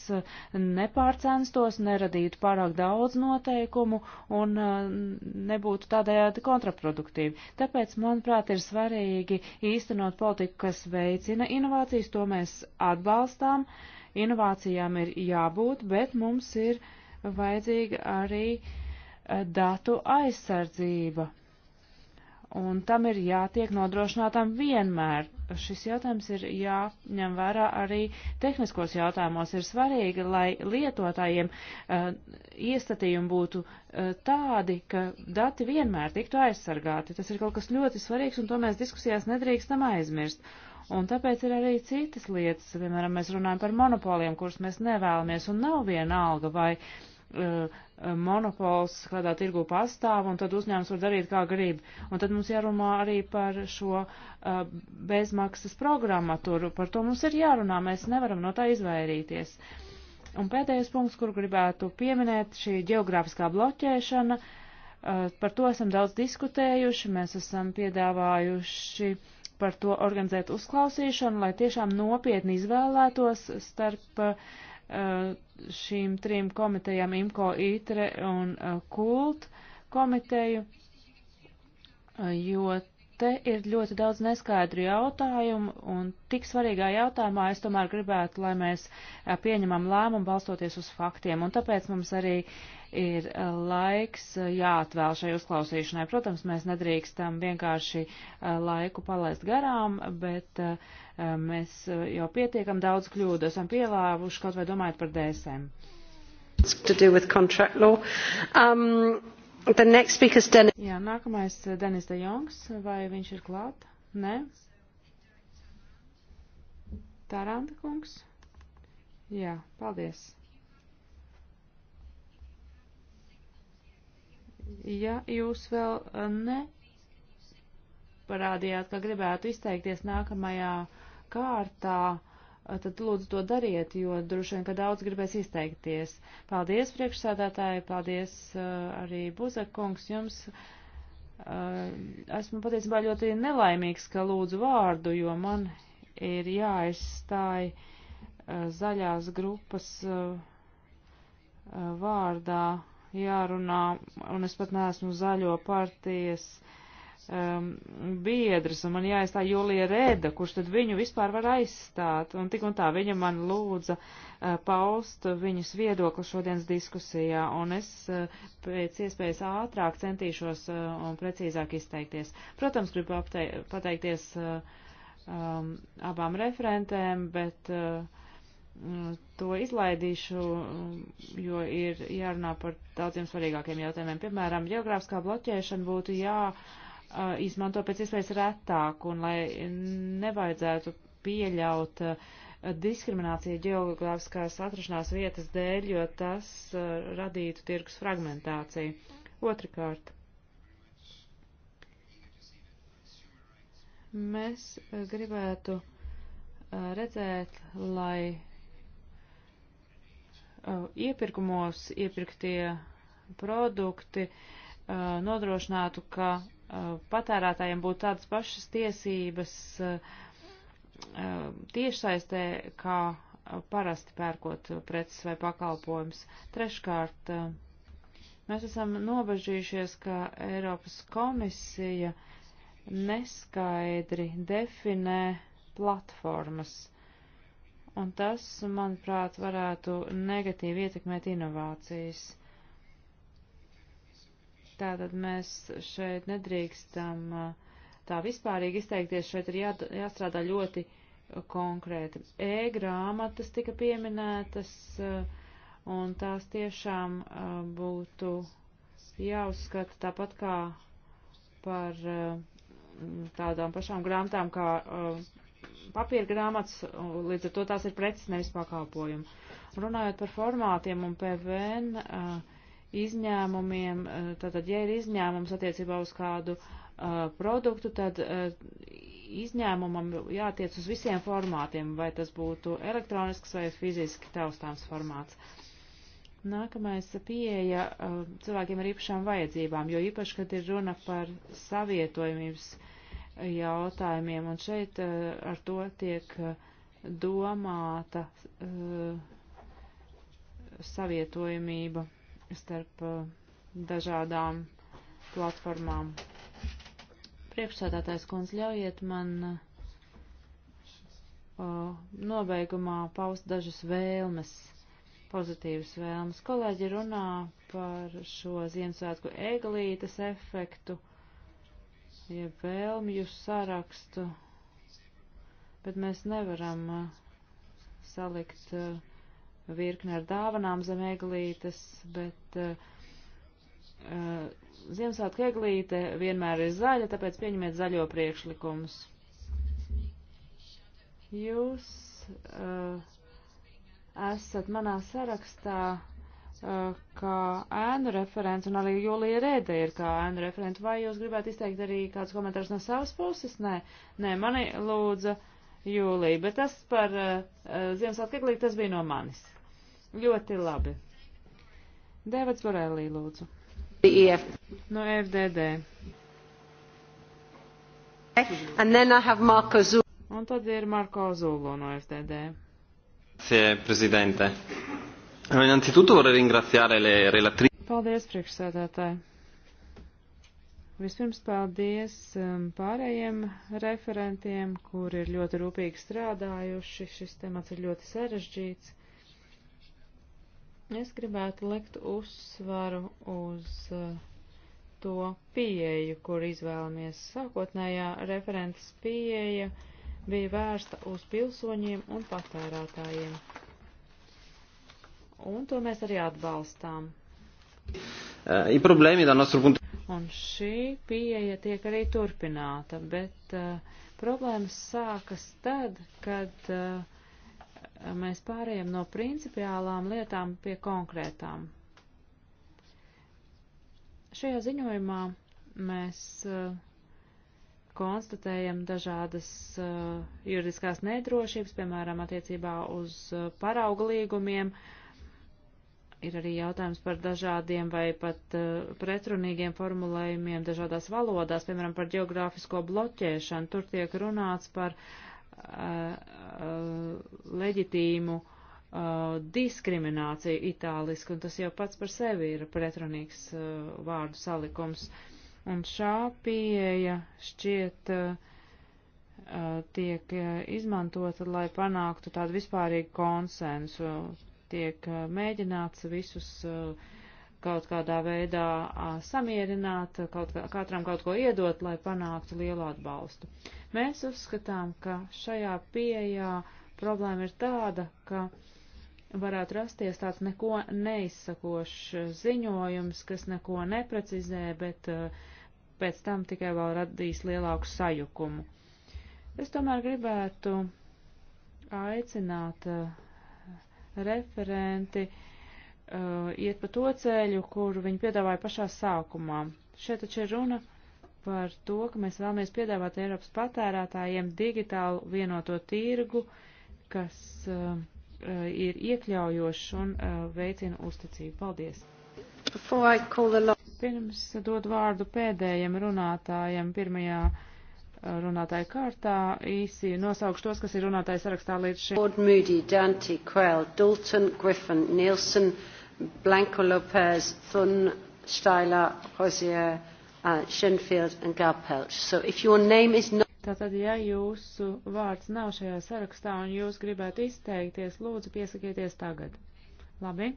nepārcenstos, neradītu pārāk daudz noteikumu un uh, nebūtu tādējādi kontraproduktīvi. Tāpēc, manuprāt, ir svarīgi īstenot politiku, kas veicina inovācijas, to mēs atbalstām. Inovācijām ir jābūt, bet mums ir vajadzīga arī eh, datu aizsardzība. Un tam ir jātiek nodrošinātam vienmēr. Šis jautājums ir jāņem vērā arī tehniskos jautājumos. Ir svarīgi, lai lietotājiem uh, iestatījumi būtu uh, tādi, ka dati vienmēr tiktu aizsargāti. Tas ir kaut kas ļoti svarīgs, un to mēs diskusijās nedrīkstam aizmirst. Un tāpēc ir arī citas lietas, piemēram, mēs runājam par monopoliem, kurus mēs nevēlamies, un nav viena alga, vai Eh, monopols kādā tirgu pastāv, un tad uzņēmums var darīt, kā grib. Un tad mums jārunā arī par šo uh, bezmaksas programmatūru. Par to mums ir jārunā, mēs nevaram no tā izvairīties. Un pēdējais punkts, kur gribētu pieminēt, šī geogrāfiskā bloķēšana. Uh, par to esam daudz diskutējuši, mēs esam piedāvājuši par to organizēt uzklausīšanu, lai tiešām nopietni izvēlētos starp uh, Uh, šīm trim komitejām IMCO, ITRE un uh, KULT komiteju, uh, jo Te ir ļoti daudz neskaidru jautājumu, un tik svarīgā jautājumā es tomēr gribētu, lai mēs pieņemam lēmumu balstoties uz faktiem, un tāpēc mums arī ir laiks jāatvēl šai uzklausīšanai. Protams, mēs nedrīkstam vienkārši laiku palaist garām, bet mēs jau pietiekam daudz kļūdu esam pielāvuši, kaut vai domājot par DSM. Um, Denis... Jā, nākamais eh, Denis De Jongs, vai viņš ir klāt? Nē. Tāranda kungs. Jā, paldies. Ja jūs vēl eh, ne parādījāt, ka gribētu izteikties nākamajā kārtā, tad lūdzu to dariet, jo droši vien, ka daudz gribēs izteikties. Paldies, priekšsādātāji, paldies arī Buzakungs jums. Esmu patiesībā ļoti nelaimīgs, ka lūdzu vārdu, jo man ir jāizstāj zaļās grupas vārdā jārunā, un es pat neesmu zaļo partijas uh, um, biedrs, un man jāaizstāv Julija Reda, kurš tad viņu vispār var aizstāt, un tik un tā viņa man lūdza uh, paust viņas viedokli šodienas diskusijā, un es uh, pēc iespējas ātrāk centīšos uh, un precīzāk izteikties. Protams, gribu pateikties uh, um, abām referentēm, bet. Uh, mm, to izlaidīšu, um, jo ir jārunā par daudziem svarīgākiem jautājumiem. Piemēram, geogrāfiskā bloķēšana būtu jā. Uh, izmanto pēc iespējas retāk un lai nevajadzētu pieļaut diskrimināciju ģeogrāfiskās atrašanās vietas dēļ, jo tas radītu tirgus fragmentāciju. Otrakārt, mēs gribētu redzēt, lai iepirkumos iepirktie produkti nodrošinātu, ka Eh, patērētājiem būtu tādas pašas tiesības eh, tiešsaistē, kā eh, parasti pērkot preces vai pakalpojums. Treškārt, mēs esam nobežījušies, ka Eiropas komisija neskaidri definē platformas, un tas, manuprāt, varētu negatīvi ietekmēt inovācijas. Tātad mēs šeit nedrīkstam uh, tā vispārīgi izteikties, šeit ir jā, jāstrādā ļoti konkrēti. E-grāmatas tika pieminētas, uh, un tās tiešām uh, būtu jāuzskata tāpat kā par tādām pašām grāmatām kā papīra grāmatas, līdz ar to tās ir preces, nevis pakalpojumi. Runājot par formātiem un PVN, uh, izņēmumiem, eh, tātad, ja ir izņēmums attiecībā uz kādu uh, produktu, tad uh, izņēmumam jātiec uz visiem formātiem, vai tas būtu elektronisks vai fiziski taustāms formāts. Nākamais pieeja uh, cilvēkiem ar īpašām vajadzībām, jo īpaši, kad ir runa par savietojumības jautājumiem, un šeit ar to tiek domāta savietojumība starp uh, dažādām platformām. Priekšsēdētājs kundze ļaujiet man uh, nobeigumā paust dažas vēlmes, pozitīvas vēlmes. Kolēģi runā par šo Ziemassvētku eglītes efektu, jeb vēlmju sarakstu, bet mēs nevaram uh, salikt uh, virkne ar dāvanām zem eglītes, bet uh, Ziemassvētku eglīte vienmēr ir zaļa, tāpēc pieņemiet zaļo priekšlikumus. Jūs uh, esat manā sarakstā uh, kā ēnu referents, un arī Jūlija Rēde ir kā ēnu referents. Vai jūs gribētu izteikt arī kāds komentārs no savas puses? Nē, nē, mani lūdza. Uh, jūliju, bet tas par uh, Ziemassvētku eglīti, tas bija no manis. Ļoti labi. Dēvids Borelī, lūdzu. EF. No FDD. And then I have Marko Zulo. Un tad ir Marko Zulo no FDD. Grazie, Presidente. Innanzitutto vorrei ringraziare le relatrici. Paldies, priekšsēdētāji. Vispirms paldies um, pārējiem referentiem, kuri ir ļoti rūpīgi strādājuši. Šis temats ir ļoti sarežģīts. Es gribētu likt uzsvaru uz uh, to pieeju, kur izvēlamies. Sākotnējā referents pieeja bija vērsta uz pilsoņiem un patērētājiem. Un to mēs arī atbalstām. Eh, I problēmi da nostru punktu. Un šī pieeja tiek arī turpināta, bet uh, problēmas sākas tad, kad uh, mēs pārējām no principiālām lietām pie konkrētām. Šajā ziņojumā mēs uh, konstatējam dažādas uh, juridiskās nedrošības, piemēram, attiecībā uz uh, parauga līgumiem. Uh, ir arī jautājums par dažādiem vai pat uh, pretrunīgiem formulējumiem dažādās valodās, piemēram, par geogrāfisko bloķēšanu. Tur tiek runāts par uh, uh, leģitīmu uh, diskrimināciju itāliski, un tas jau pats par sevi ir pretrunīgs uh, vārdu salikums. Un šā pieeja šķiet uh, tiek izmantota, lai panāktu tādu vispārīgu konsensu tiek mēģināts visus kaut kādā veidā samierināt, kaut kā, katram kaut ko iedot, lai panāktu lielu atbalstu. Mēs uzskatām, ka šajā pieejā problēma ir tāda, ka varētu rasties tāds neko neizsakošs ziņojums, kas neko neprecizē, bet pēc tam tikai vēl radīs lielāku sajukumu. Es tomēr gribētu aicināt referenti uh, iet pa to ceļu, kur viņi piedāvāja pašā sākumā. Šeit taču ir runa par to, ka mēs vēlamies piedāvāt Eiropas patērētājiem digitālu vienoto tirgu, kas uh, uh ir iekļaujošs un uh, veicina uzticību. Paldies! Pirms dod vārdu pēdējiem runātājiem pirmajā runātāju kārtā. Īsi nosaukšu tos, kas ir runātāju sarakstā līdz šim. Ford, Moody, Dante, Quell, Dalton, Griffin, Nielsen, Blanco Lopez, Thun, Steiler, Rosier, uh, Shenfield un Galpelch. So if your name is not... Tātad, ja jūsu vārds nav šajā sarakstā un jūs gribētu izteikties, lūdzu piesakieties tagad. Labi?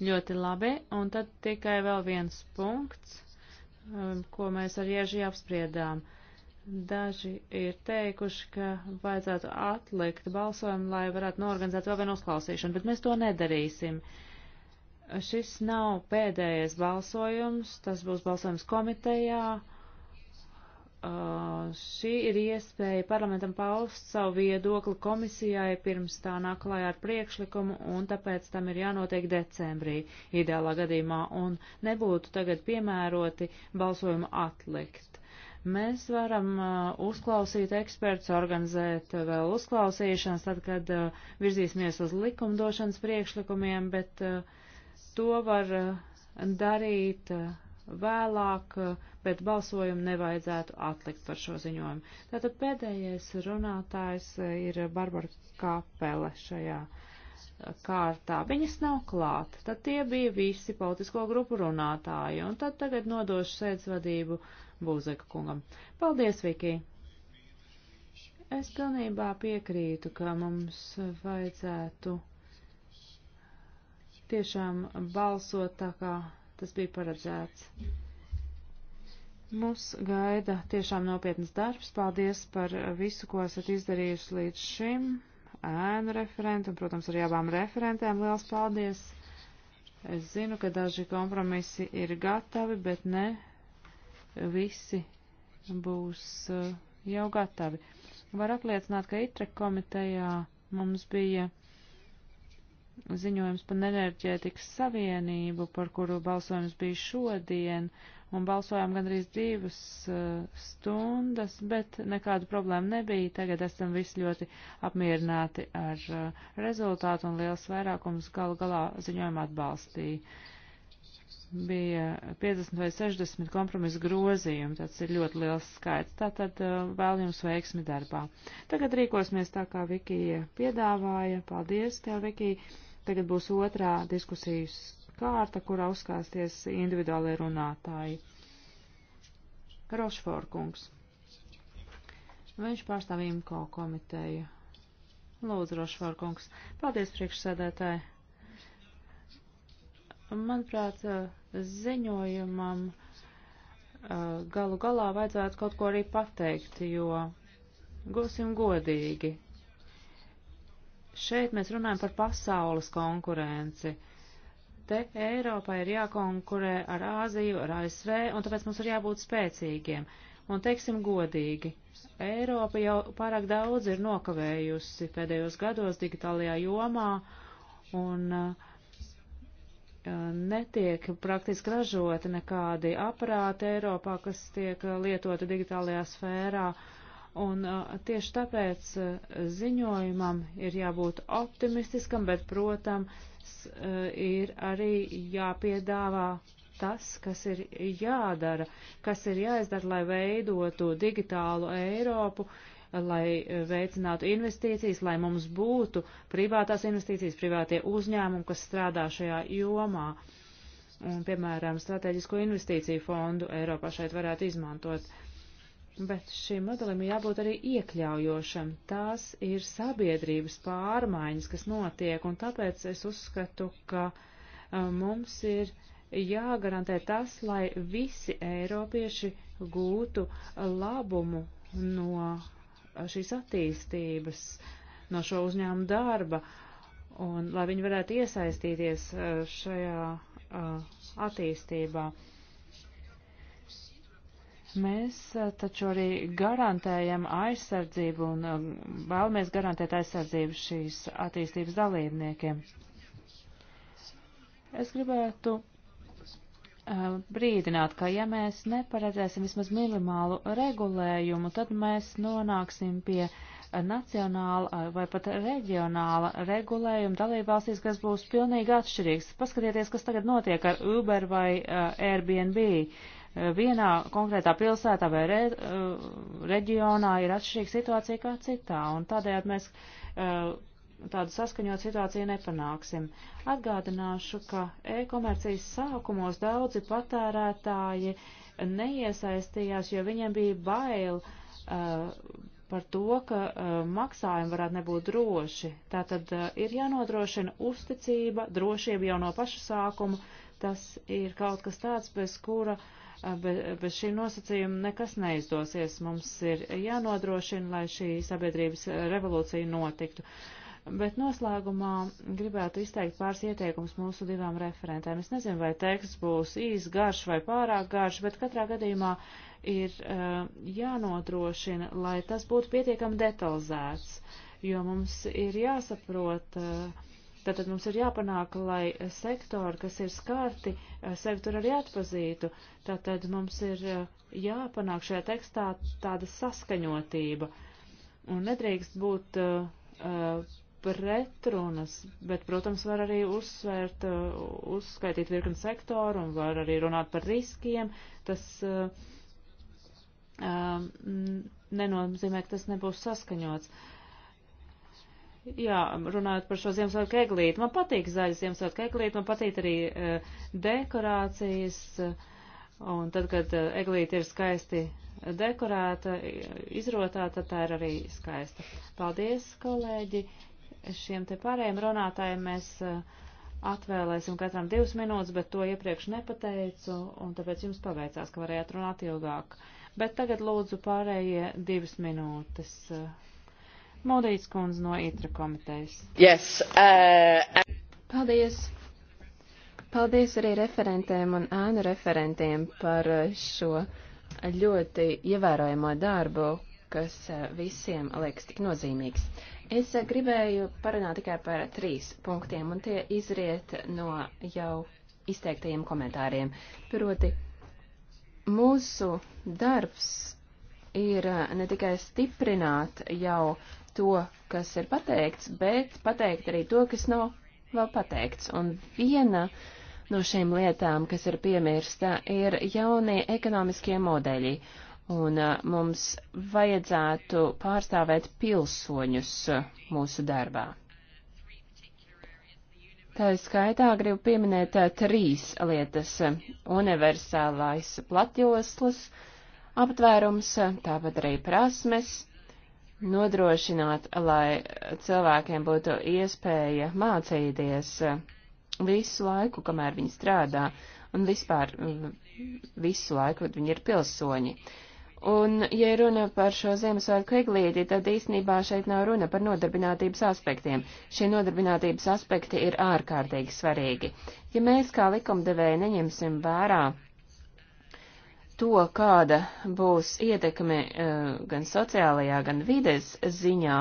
Ļoti labi. Un tad tikai vēl viens punkts Um, ko mēs ar Ieži apspriedām. Daži ir teikuši, ka vajadzētu atlikt balsojumu, lai varētu norganizēt vēl vienu uzklausīšanu, bet mēs to nedarīsim. Šis nav pēdējais balsojums, tas būs balsojums komitejā Uh, šī ir iespēja parlamentam paust savu viedokli komisijai pirms tā nāk klājā ar priekšlikumu, un tāpēc tam ir jānotiek decembrī ideālā gadījumā, un nebūtu tagad piemēroti balsojumu atlikt. Mēs varam uh, uzklausīt eksperts, organizēt uh, vēl uzklausīšanas, tad, kad uh, virzīsimies uz likumdošanas priekšlikumiem, bet uh, to var uh, darīt. Uh, vēlāk, bet balsojumu nevajadzētu atlikt par šo ziņojumu. Tātad pēdējais runātājs ir Barbara Kāpele šajā kārtā. Viņas nav klāt. Tad tie bija visi politisko grupu runātāji, un tad tagad nodošu sēdzvadību Būzeka kungam. Paldies, Viki! Es pilnībā piekrītu, ka mums vajadzētu tiešām balsot tā kā tas bija paredzēts. Mums gaida tiešām nopietnas darbs. Paldies par visu, ko esat izdarījuši līdz šim. Ēnu referentu un, protams, arī abām referentēm liels paldies. Es zinu, ka daži kompromisi ir gatavi, bet ne visi būs eh, jau gatavi. Var apliecināt, ka ITRE komitejā mums bija ziņojums par enerģētikas savienību, par kuru balsojums bija šodien, un balsojām gandrīz divas uh, stundas, bet nekādu problēmu nebija. Tagad esam visi ļoti apmierināti ar uh, rezultātu, un liels vairākums galu galā ziņojumu atbalstīja. Bija 50 vai 60 kompromisu grozījumi, tas ir ļoti liels skaits. Tātad uh, vēl jums veiksmi darbā. Tagad rīkosimies tā, kā Vikija piedāvāja. Paldies tev, Vikija! Tagad būs otrā diskusijas kārta, kurā uzstāsies individuālie runātāji. Rošforkungs. Viņš pārstāv IMCO komiteju. Lūdzu, Rošforkungs. Paldies, priekšsēdētāji. Manuprāt, ziņojumam galu galā vajadzētu kaut ko arī pateikt, jo, gūsim godīgi, Šeit mēs runājam par pasaules konkurenci. Te Eiropai ir jākonkurē ar Āziju, ar ASV, un tāpēc mums ir jābūt spēcīgiem. Un teiksim godīgi, Eiropa jau pārāk daudz ir nokavējusi pēdējos gados digitālajā jomā, un uh, netiek praktiski ražoti nekādi aparāti Eiropā, kas tiek uh, lietoti digitālajā sfērā. Uh, Un uh, tieši tāpēc uh, ziņojumam ir jābūt optimistiskam, bet, protams, uh, ir arī jāpiedāvā tas, kas ir jādara, kas ir jāizdara, lai veidotu digitālu Eiropu, lai veicinātu investīcijas, lai mums būtu privātās investīcijas, privātie uzņēmumi, kas strādā šajā jomā. Un, piemēram, strateģisko investīciju fondu Eiropā šeit varētu izmantot. Uh, Bet šim modelim jābūt arī iekļaujošam. Tās ir sabiedrības pārmaiņas, kas notiek, un tāpēc es uzskatu, ka uh, mums ir jāgarantē tas, lai visi eiropieši gūtu labumu no uh, šīs attīstības, no šo uzņēmumu darba, un lai viņi varētu iesaistīties uh, šajā attīstībā. Mēs taču arī garantējam aizsardzību un vēlamies garantēt aizsardzību šīs attīstības dalībniekiem. Es gribētu uh, brīdināt, ka ja mēs neparedzēsim vismaz minimālu regulējumu, tad mēs nonāksim pie nacionāla vai pat reģionāla regulējuma dalībvalstīs, kas būs pilnīgi atšķirīgs. Paskatieties, kas tagad notiek ar Uber vai uh, Airbnb. Uh, vienā konkrētā pilsētā vai re, eh, reģionā ir atšķirīga situācija kā citā, un tādējādi mēs eh, tādu saskaņot situāciju nepanāksim. Atgādināšu, ka e-komercijas sākumos daudzi patērētāji neiesaistījās, jo viņiem bija bail uh, par to, ka uh, maksājumi varētu nebūt droši. Tātad uh, ir jānodrošina uzticība, drošība jau no paša sākuma, Tas ir kaut kas tāds, bez kura, be, bez šī nosacījuma nekas neizdosies. Mums ir jānodrošina, lai šī sabiedrības revolūcija notiktu. Bet noslēgumā gribētu izteikt pāris ieteikumus mūsu divām referentēm. Es nezinu, vai teksts būs īs, garš vai pārāk garš, bet katrā gadījumā ir uh, jānodrošina, lai tas būtu pietiekami detalizēts, jo mums ir jāsaprot. Uh, Tātad mums ir jāpanāk, lai sektori, kas ir skārti, sektori arī atpazītu. Tātad mums ir eh, jāpanāk šajā tekstā tāda saskaņotība. Un nedrīkst būt uh, pretrunas, bet, protams, var arī uzsvērt, uh, uzskaitīt virkni sektoru un var arī runāt par riskiem. Tas uh, nenozīmē, ka tas nebūs saskaņots. Uh, jā, runājot par šo Ziemassvētku eglīti, man patīk zaļa Ziemassvētku eglīti, man patīk arī uh, dekorācijas, eh, un tad, kad eh, eglīti ir skaisti dekorēta, izrotā, tad tā ir arī skaista. Paldies, kolēģi! Šiem te pārējiem runātājiem mēs uh, atvēlēsim katram divas minūtes, bet to iepriekš nepateicu, un tāpēc jums paveicās, ka varējāt runāt ilgāk. Bet tagad lūdzu pārējie divas minūtes. Uh, Modīts kundze no ITRA komitejas. Yes, uh, Paldies! Paldies arī referentēm un ēnu referentiem par uh, šo ļoti ievērojamo darbu, kas uh, visiem liekas tik nozīmīgs. Es uh, gribēju parunāt tikai par trīs punktiem, un tie izriet no jau izteiktajiem komentāriem. Proti, mūsu darbs ir ne tikai stiprināt jau uh, to, kas ir pateikts, bet pateikt arī to, kas nav vēl pateikts. Un viena no šīm lietām, kas ir piemirsta, ir jaunie ekonomiskie modeļi. Un mums vajadzētu pārstāvēt pilsoņus mūsu darbā. Tā skaitā gribu pieminēt trīs lietas - universālais platjoslas, aptvērums, tāpat arī prasmes nodrošināt, lai cilvēkiem būtu iespēja mācīties uh, visu laiku, kamēr viņi strādā, un vispār uh, visu laiku, kad viņi ir pilsoņi. Un, ja runa par šo Ziemassvētku eglīti, tad īstenībā šeit nav runa par nodarbinātības aspektiem. Šie nodarbinātības aspekti ir ārkārtīgi svarīgi. Ja mēs kā likumdevēji neņemsim vērā to, kāda būs ietekme eh, gan sociālajā, gan vides ziņā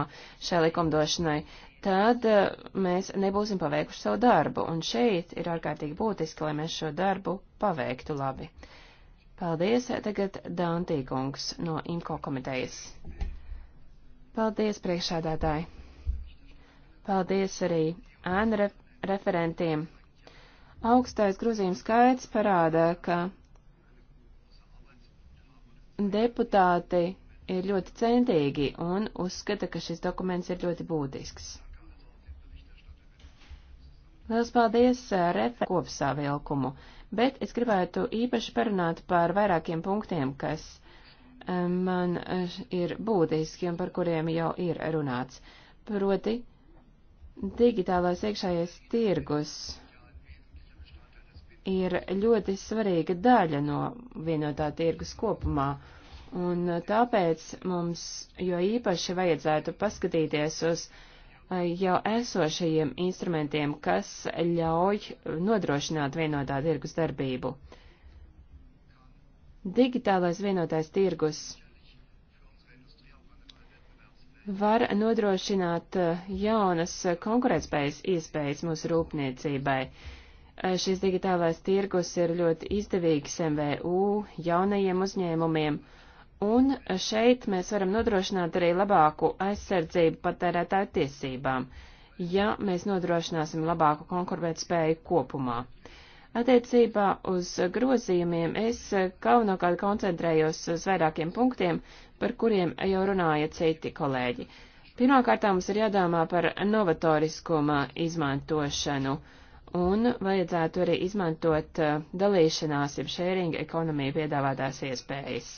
šai likumdošanai, tad eh, mēs nebūsim paveikuši savu darbu, un šeit ir ārkārtīgi būtiski, lai mēs šo darbu paveiktu labi. Paldies, tagad Dantīkungs no INKO komitejas. Paldies, priekšādātāji. Paldies arī ēnu re referentiem. Augstais grozījums skaits parāda, ka Deputāti ir ļoti centīgi un uzskata, ka šis dokuments ir ļoti būtisks. Liels paldies eh, refe kopsavilkumu, bet es gribētu īpaši parunāt par vairākiem punktiem, kas eh, man eh, ir būtiski un par kuriem jau ir runāts. Proti, digitālais iekšējais tirgus ir ļoti svarīga daļa no vienotā tirgus kopumā, un uh, tāpēc mums jo īpaši vajadzētu paskatīties uz uh, jau esošajiem instrumentiem, kas ļauj nodrošināt vienotā tirgus darbību. Digitālais vienotais tirgus var nodrošināt uh, jaunas konkurētspējas iespējas mūsu rūpniecībai Eh, šis digitālais tirgus ir ļoti izdevīgs MVU jaunajiem uzņēmumiem, un šeit mēs varam nodrošināt arī labāku aizsardzību patērētāju tiesībām, ja mēs nodrošināsim labāku konkurētspēju kopumā. Attiecībā uz grozījumiem es galvenokārt koncentrējos uz vairākiem punktiem, par kuriem jau runāja citi kolēģi. Pirmkārt, mums ir jādomā par novatoriskuma izmantošanu. Uh, un vajadzētu arī izmantot uh, dalīšanās, jeb sharing ekonomiju piedāvātās iespējas.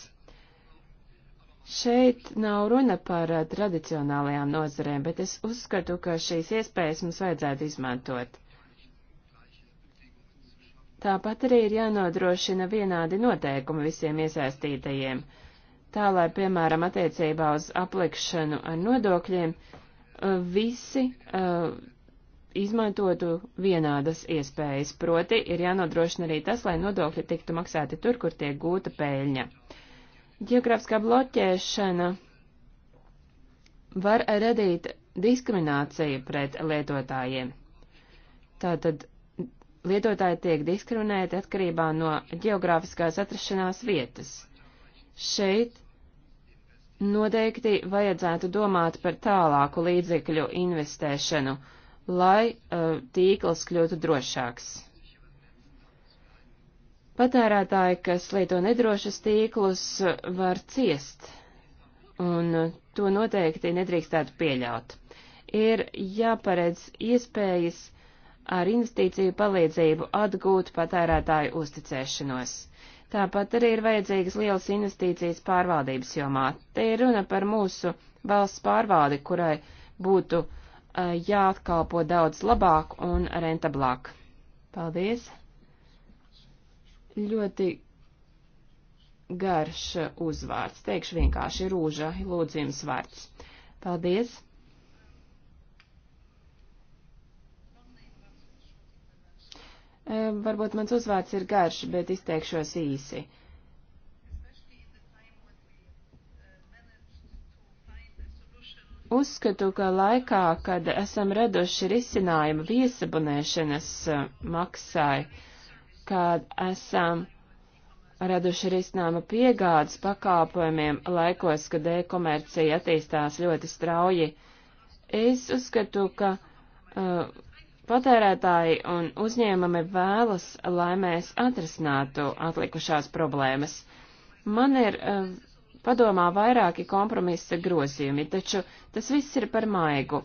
Šeit nav runa par uh, tradicionālajām nozarēm, bet es uzskatu, ka šīs iespējas mums vajadzētu izmantot. Tāpat arī ir jānodrošina vienādi noteikumi visiem iesaistītajiem, tā lai, piemēram, attiecībā uz aplikšanu ar nodokļiem uh, visi uh, izmantotu vienādas iespējas, proti ir jānodrošina arī tas, lai nodokļi tiktu maksāti tur, kur tiek gūta pēļņa. Geogrāfiskā bloķēšana var radīt diskrimināciju pret lietotājiem. Tātad lietotāji tiek diskriminēti atkarībā no geogrāfiskās atrašanās vietas. Šeit noteikti vajadzētu domāt par tālāku līdzekļu investēšanu lai uh, tīkls kļūtu drošāks. Patērētāji, kas lieto nedrošas tīklus, var ciest, un to noteikti nedrīkstētu pieļaut. Ir jāparedz iespējas ar investīciju palīdzību atgūt patērētāju uzticēšanos. Tāpat arī ir vajadzīgas lielas investīcijas pārvaldības jomā. Te ir runa par mūsu valsts pārvaldi, kurai būtu uh, Eh, jāatkalpo daudz labāk un rentablāk. Paldies! Ļoti garš uzvārds. Teikšu vienkārši rūža, lūdzu jums vārds. Paldies! Eh, varbūt mans uzvārds ir garš, bet izteikšos īsi. Uzskatu, ka laikā, kad esam raduši risinājumu viesabunēšanas e, maksai, kad esam raduši risinājumu piegādes pakāpojumiem laikos, kad e-komercija attīstās ļoti strauji, es uzskatu, ka uh, patērētāji un uzņēmumi vēlas, lai mēs atrisinātu atlikušās problēmas. Man ir uh, padomā vairāki kompromisa grozījumi, taču tas viss ir par maigu.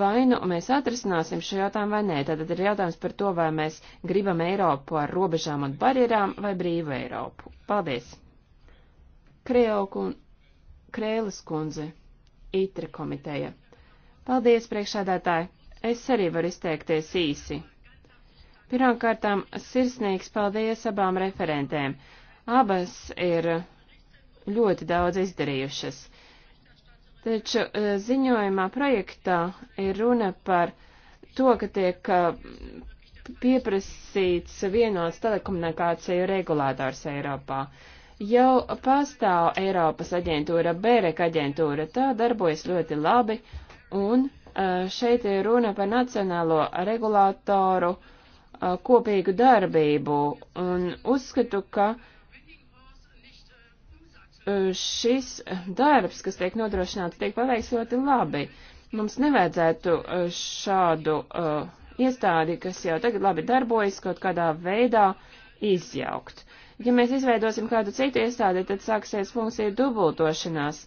Vai nu mēs atrisināsim šo jautājumu vai nē, tad ir jautājums par to, vai mēs gribam Eiropu ar robežām un barjerām vai brīvu Eiropu. Paldies! Kreokun... Krēlas kundze, ITRE komiteja. Paldies, priekšādātāji! Es arī varu izteikties īsi. Pirmkārtām, sirsnīgs paldies abām referentēm. Abas ir ļoti daudz izdarījušas. Taču e, ziņojumā projektā ir runa par to, ka tiek e, pieprasīts vienots telekomunikāciju regulātors Eiropā. Jau pastāv Eiropas aģentūra, Bērek aģentūra, tā darbojas ļoti labi, un e, šeit ir runa par nacionālo regulātoru kopīgu darbību, un uzskatu, ka uh, šis darbs, kas tiek nodrošināts, tiek paveikts ļoti labi. Mums nevajadzētu e, šādu uh, iestādi, kas jau tagad labi darbojas, kaut kādā veidā izjaukt. Ja mēs izveidosim kādu citu iestādi, tad sāksies funkcija dubultošanās.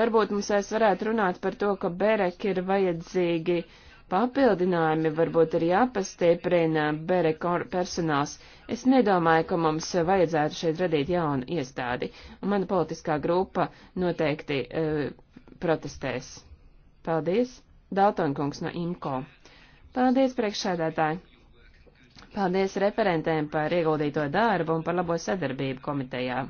Varbūt mums es varētu runāt par to, ka Berek ir vajadzīgi uh, papildinājumi varbūt ir jāpastieprina bere personāls. Es nedomāju, ka mums vajadzētu šeit radīt jaunu iestādi, un mana politiskā grupa noteikti e, protestēs. Paldies, Daltonkungs no IMCO. Paldies, priekšsēdētāji. Paldies referentēm par ieguldīto darbu un par labo sadarbību komitejā.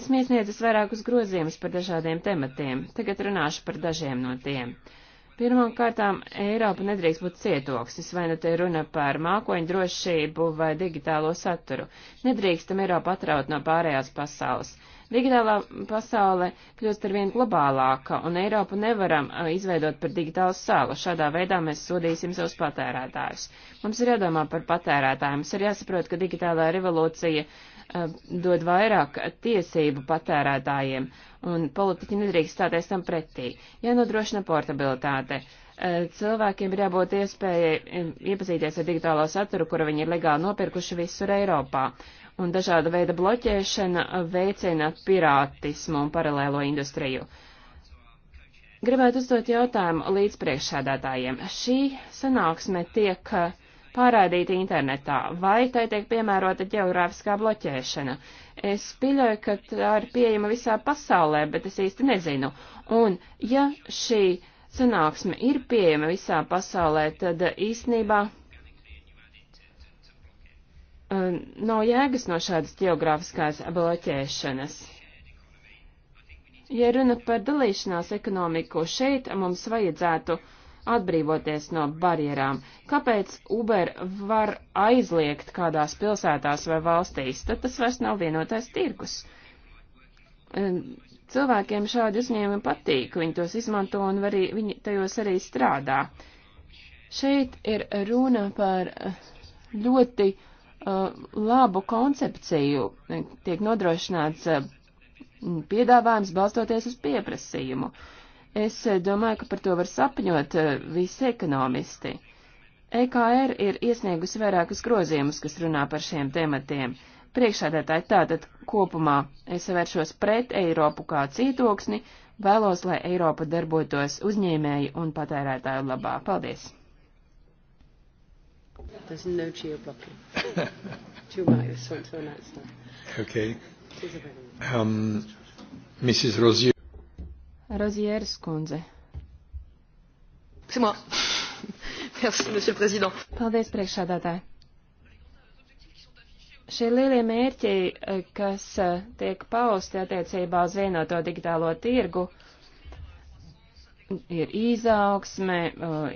Esmu iesniedzis vairākus grozījumus par dažādiem tematiem, tagad runāšu par dažiem no tiem. Uh, Pirmkārtām, Eiropa nedrīkst būt cietoksnis, vai nu te runa par mākoņu drošību vai digitālo saturu. Nedrīkstam Eiropu atraut no pārējās pasaules. Digitālā pasaule kļūst arvien globālāka, un Eiropu nevaram izveidot par digitālu salu. Šādā veidā mēs sodīsim savus patērētājus. Mums ir jādomā par patērētājiem. Mums ir jāsaprot, ka digitālā revolūcija Eh, dod vairāk tiesību patērētājiem, un politiķi nedrīkst stāties tam pretī. Jānodrošina ja portabilitāte. Eh, cilvēkiem ir jābūt iespējai iepazīties ar digitālo saturu, kuru viņi ir legāli nopirkuši visur Eiropā, un dažāda veida bloķēšana eh, veicina pirātismu un paralēlo industriju. Gribētu uzdot jautājumu līdz priekšsēdētājiem. Šī sanāksme tiek uh, pārādīti internetā, vai tai tiek piemērota geogrāfiskā bloķēšana. Es pieļauju, ka tā ir pieejama visā pasaulē, bet es īsti nezinu. Un ja šī sanāksme ir pieejama visā pasaulē, tad īstenībā uh, nav jēgas no šādas geogrāfiskās bloķēšanas. Ja runa par dalīšanās ekonomiku, šeit mums vajadzētu uh, atbrīvoties no barjerām. Kāpēc Uber var aizliegt kādās pilsētās vai valstīs? Tad tas vairs nav vienotais tirkus. Cilvēkiem šādi uzņēmumi patīk, viņi tos izmanto un arī, viņi tajos arī strādā. Šeit ir runa par eh, ļoti uh, labu koncepciju, tiek nodrošināts uh, piedāvājums balstoties uz pieprasījumu. Uh, Es eh, domāju, ka par to var sapņot eh, visi ekonomisti. EKR er ir iesniegusi vairākus grozījumus, kas runā par šiem tematiem. Priekšādētāji tātad kopumā es vēršos pret Eiropu kā cītoksni, vēlos, lai Eiropa darbotos uzņēmēju un patērētāju labā. Paldies! There's no geo-blocking. Two miles, want to announce that. Okay. Um, Mrs. Rozier. Rozieres kundze. Paldies, priekšādātāji. Šie lielie mērķi, eh, kas eh, tiek pausti attiecībā uz vienoto digitālo tirgu, ir izaugsme, eh,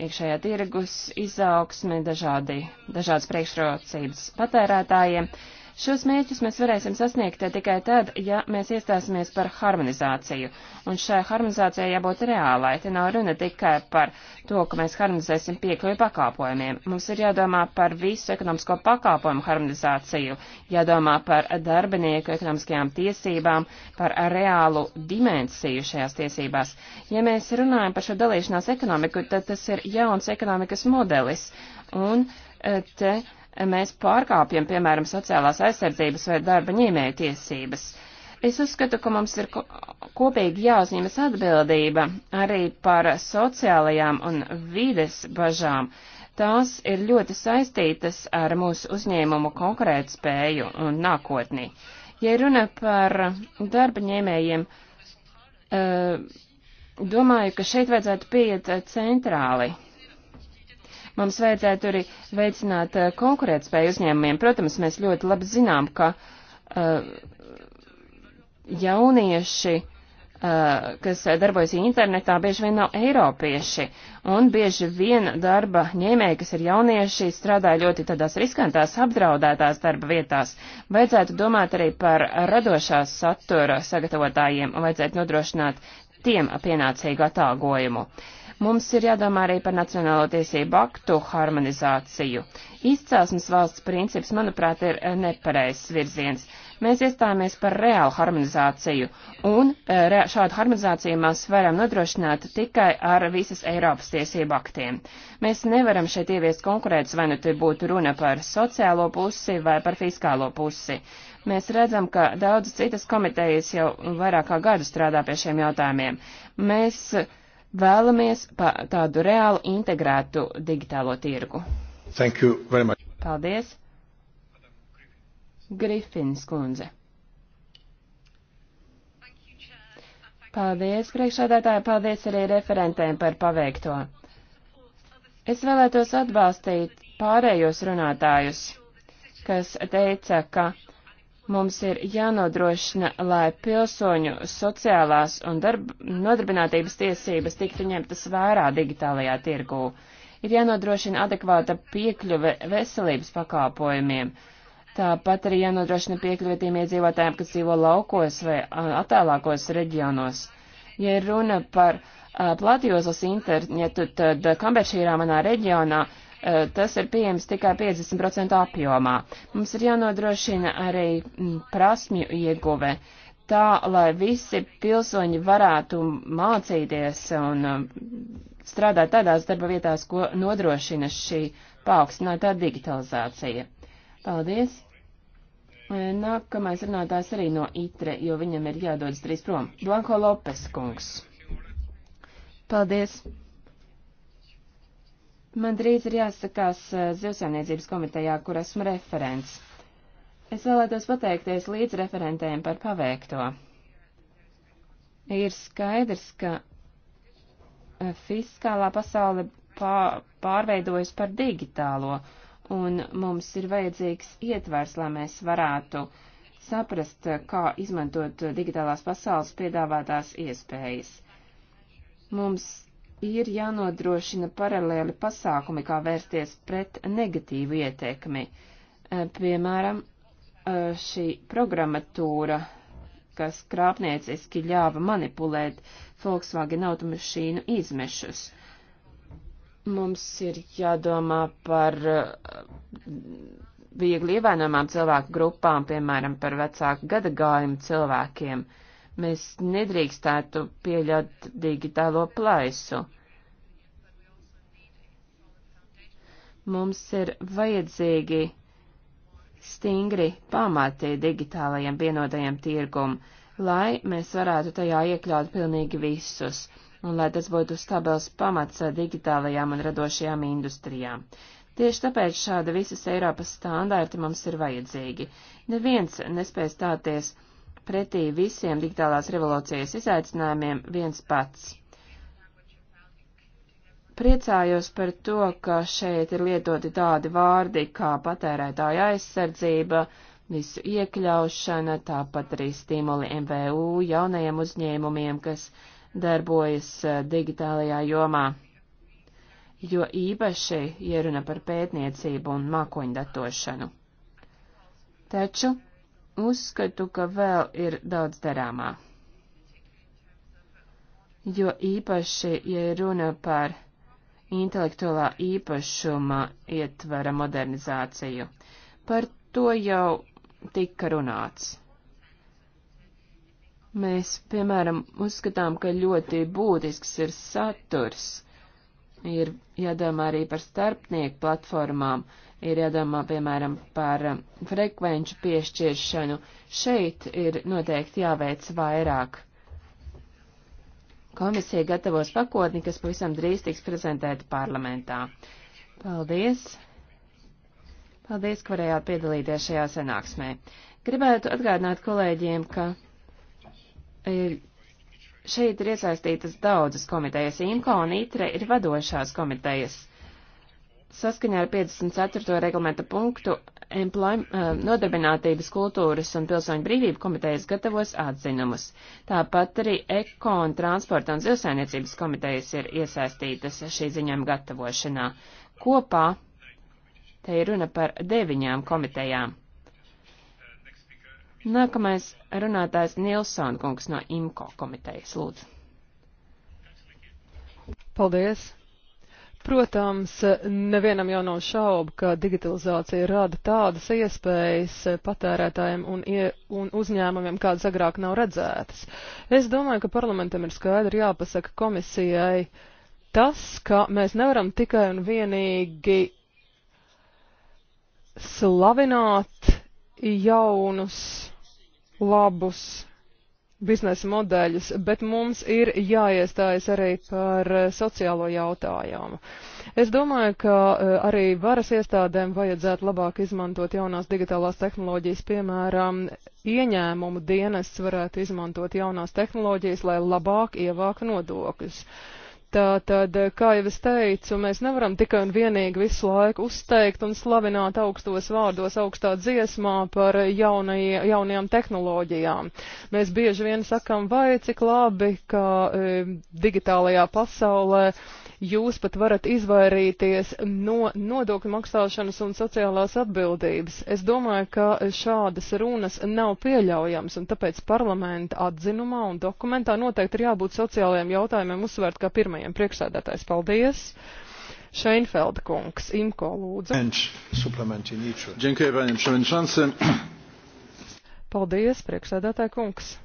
iekšējā tirgus izaugsme, dažādi, dažādas priekšrocības patērētājiem. Uh, Šos mērķus mēs varēsim sasniegt tikai tad, ja mēs iestāsimies par harmonizāciju. Un šai harmonizācijai jābūt reālai. Te nav runa tikai par to, ka mēs harmonizēsim piekļuvi pakāpojumiem. Mums ir jādomā par visu ekonomisko pakāpojumu harmonizāciju, jādomā par darbinieku ekonomiskajām tiesībām, par reālu dimensiju šajās tiesībās. Ja mēs runājam par šo dalīšanās ekonomiku, tad tas ir jauns ekonomikas modelis. Un eh, te mēs pārkāpjam, piemēram, sociālās aizsardzības vai darba ņēmēju tiesības. Es uzskatu, ka mums ir kopīgi jāuzņemas atbildība arī par sociālajām un vides bažām. Tās ir ļoti saistītas ar mūsu uzņēmumu konkurētspēju un nākotnī. Ja runa par darba ņēmējiem, eh, domāju, ka šeit vajadzētu pieiet centrāli Mums vajadzētu arī veicināt eh, konkurētspēju uzņēmumiem. Protams, mēs ļoti labi zinām, ka uh, jaunieši eh, kas darbojas internetā, bieži vien nav eiropieši, un bieži vien darba ņēmēji, kas ir jaunieši, strādā ļoti tādās riskantās, apdraudētās darba vietās. Vajadzētu domāt arī par radošās satura sagatavotājiem, un vajadzētu nodrošināt tiem pienācīgu atalgojumu. Uh, Mums ir jādomā arī par nacionālo tiesību aktu harmonizāciju. Izcelsmes valsts princips, manuprāt, ir eh, nepareizs virziens. Mēs iestājāmies par reālu harmonizāciju, un eh, šādu harmonizāciju mēs varam nodrošināt tikai ar visas Eiropas tiesību aktiem. Mēs nevaram šeit ieviest konkurētas, vai nu te būtu runa par sociālo pusi vai par fiskālo pusi mēs redzam, ka daudz citas komitejas jau vairāk kā gadu strādā pie šiem jautājumiem. Mēs vēlamies tādu reālu integrētu digitālo tirgu. Thank you very much. Paldies. Grifins kundze. Paldies, priekšādātāji, paldies arī referentēm par paveikto. Es vēlētos atbalstīt pārējos runātājus, kas teica, ka Mums ir jānodrošina, lai pilsoņu sociālās un darb, nodarbinātības tiesības tiktu ņemtas vērā digitālajā tirgū. Ir jānodrošina adekvāta piekļuve veselības pakāpojumiem. Tāpat arī jānodrošina piekļuve tiem iedzīvotājiem, kas dzīvo laukos vai attālākos reģionos. Ja runa par uh, platjoslas internetu, tad Kamberšīrā manā reģionā uh, Eh, tas ir pieejams tikai 50% apjomā. Mums ir jānodrošina arī mm, prasmju ieguve, tā lai visi pilsoņi varētu mācīties un mm, strādāt tādās darba vietās, ko nodrošina šī paaugstinātā digitalizācija. Paldies! Eh, nākamais runātājs arī no ITRE, jo viņam ir jādodas trīs prom. Blanko Lopes kungs. Paldies! Man drīz ir jāsakās eh, Zivsaimniecības komitejā, kur esmu referents. Es vēlētos pateikties līdz referentēm par paveikto. Ir skaidrs, ka eh, fiskālā pasaule pārveidojas par digitālo, un mums ir vajadzīgs ietvers, lai mēs varētu saprast, eh, kā izmantot digitālās pasaules piedāvātās iespējas. Mums ir jānodrošina paralēli pasākumi, kā vērsties pret negatīvu ietekmi. Eh, piemēram, eh, šī programmatūra, kas krāpnieciski ļāva manipulēt Volkswagen automašīnu izmešus. Mums ir jādomā par eh, viegli ievainojumām cilvēku grupām, piemēram, par vecāku gadagājumu cilvēkiem. Uh, Mēs nedrīkstētu pieļaut digitālo plaisu. Mums ir vajadzīgi stingri pamati digitālajiem vienotajiem tirgum, lai mēs varētu tajā iekļaut pilnīgi visus, un lai tas būtu stabils pamats digitālajām un radošajām industrijām. Tieši tāpēc šāda visas Eiropas standārti mums ir vajadzīgi. Neviens nespēj stāties pretī visiem digitālās revolūcijas izaicinājumiem viens pats. Priecājos par to, ka šeit ir lietoti tādi vārdi kā patērētāja aizsardzība, visu iekļaušana, tāpat arī stimuli MVU jaunajiem uzņēmumiem, kas darbojas eh, digitālajā jomā. Jo īpaši ieruna par pētniecību un mākoņdatošanu. Taču Uzskatu, ka vēl ir daudz darāmā. Jo īpaši, ja runa par intelektuālā īpašuma ietvara modernizāciju, par to jau tika runāts. Mēs, piemēram, uzskatām, ka ļoti būtisks ir saturs, ir jādomā arī par starpnieku platformām, uh, ir jādomā, piemēram, par um, frekvenču piešķiršanu. Šeit ir noteikti jāveic vairāk. Komisija gatavos pakotni, kas pavisam drīz tiks prezentēta parlamentā. Paldies! Paldies, ka varējāt piedalīties šajā sanāksmē. Gribētu atgādināt kolēģiem, ka šeit ir iesaistītas daudzas komitejas. IMCO un ITRE ir vadošās komitejas saskaņā ar 54. reglamenta punktu employ, eh, nodarbinātības kultūras un pilsoņu brīvību komitejas gatavos atzinumus. Tāpat arī Eko un transporta un zilsainiecības komitejas ir iesaistītas šī ziņojuma gatavošanā. Kopā te ir runa par deviņām komitejām. Nākamais runātājs Nilsson kungs no IMKO komitejas, lūdzu. Paldies! Protams, nevienam jau nav šaubu, ka digitalizācija rada tādas iespējas patērētājiem un, ie, un uzņēmumiem, kādas agrāk nav redzētas. Es domāju, ka parlamentam ir skaidri jāpasaka komisijai tas, ka mēs nevaram tikai un vienīgi slavināt jaunus, labus biznesa modeļus, bet mums ir jāiestājas arī par eh, sociālo jautājumu. Es domāju, ka eh, arī varas iestādēm vajadzētu labāk izmantot jaunās digitālās tehnoloģijas, piemēram, ieņēmumu dienests varētu izmantot jaunās tehnoloģijas, lai labāk ievāka nodokļus. Uh, Tā tad, kā jau es teicu, mēs nevaram tikai un vienīgi visu laiku uzteikt un slavināt augstos vārdos, augstā dziesmā par jaunajie, jaunajām tehnoloģijām. Mēs bieži vien sakam, vai cik labi, ka e, digitālajā pasaulē jūs pat varat izvairīties no nodokļu maksāšanas un sociālās atbildības. Es domāju, ka šādas runas nav pieļaujams, un tāpēc parlamenta atzinumā un dokumentā noteikti ir jābūt sociālajiem jautājumiem uzsvērt kā pirmajiem. Priekšsēdētājs, paldies! Šeinfelda kungs, Imko lūdzu. Dziękuję, panie przewodniczący. Paldies, priekšsēdētāja kungs.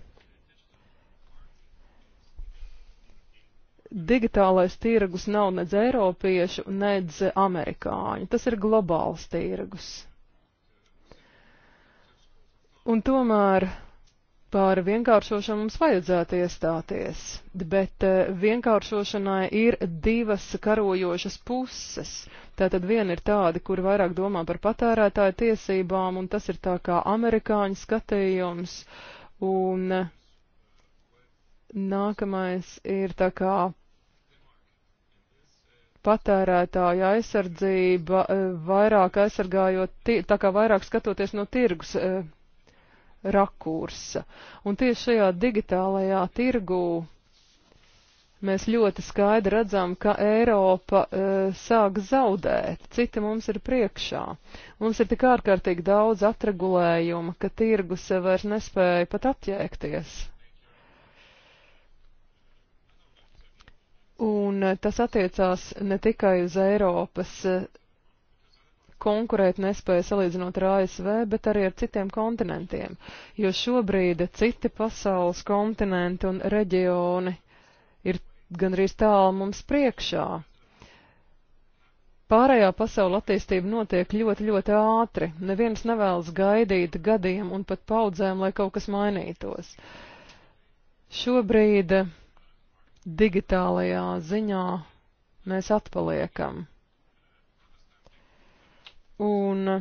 digitālais tirgus nav nedz eiropiešu, nedz amerikāņu. Tas ir globāls tirgus. Un tomēr par vienkāršošanu mums vajadzētu iestāties, bet eh, vienkāršošanai ir divas karojošas puses. Tātad viena ir tāda, kur vairāk domā par patērētāju tiesībām, un tas ir tā kā amerikāņu skatījums, un nākamais ir tā kā patērētāja aizsardzība, e, vairāk aizsargājot, tā kā vairāk skatoties no tirgus e, rakursa. Un tieši šajā digitālajā tirgū mēs ļoti skaidri redzam, ka Eiropa e, sāk zaudēt, cita mums ir priekšā. Mums ir tik ārkārtīgi daudz atregulējuma, ka tirgus e, vairs nespēja pat apjēgties. Un eh, tas attiecās ne tikai uz Eiropas eh, konkurēt nespēja salīdzinot ar ASV, bet arī ar citiem kontinentiem, jo šobrīd citi pasaules kontinenti un reģioni ir gandrīz tālu mums priekšā. Pārējā pasaula attīstība notiek ļoti, ļoti ātri. Neviens nevēlas gaidīt gadiem un pat paudzēm, lai kaut kas mainītos. Šobrīd digitālajā ziņā mēs atpaliekam. Un,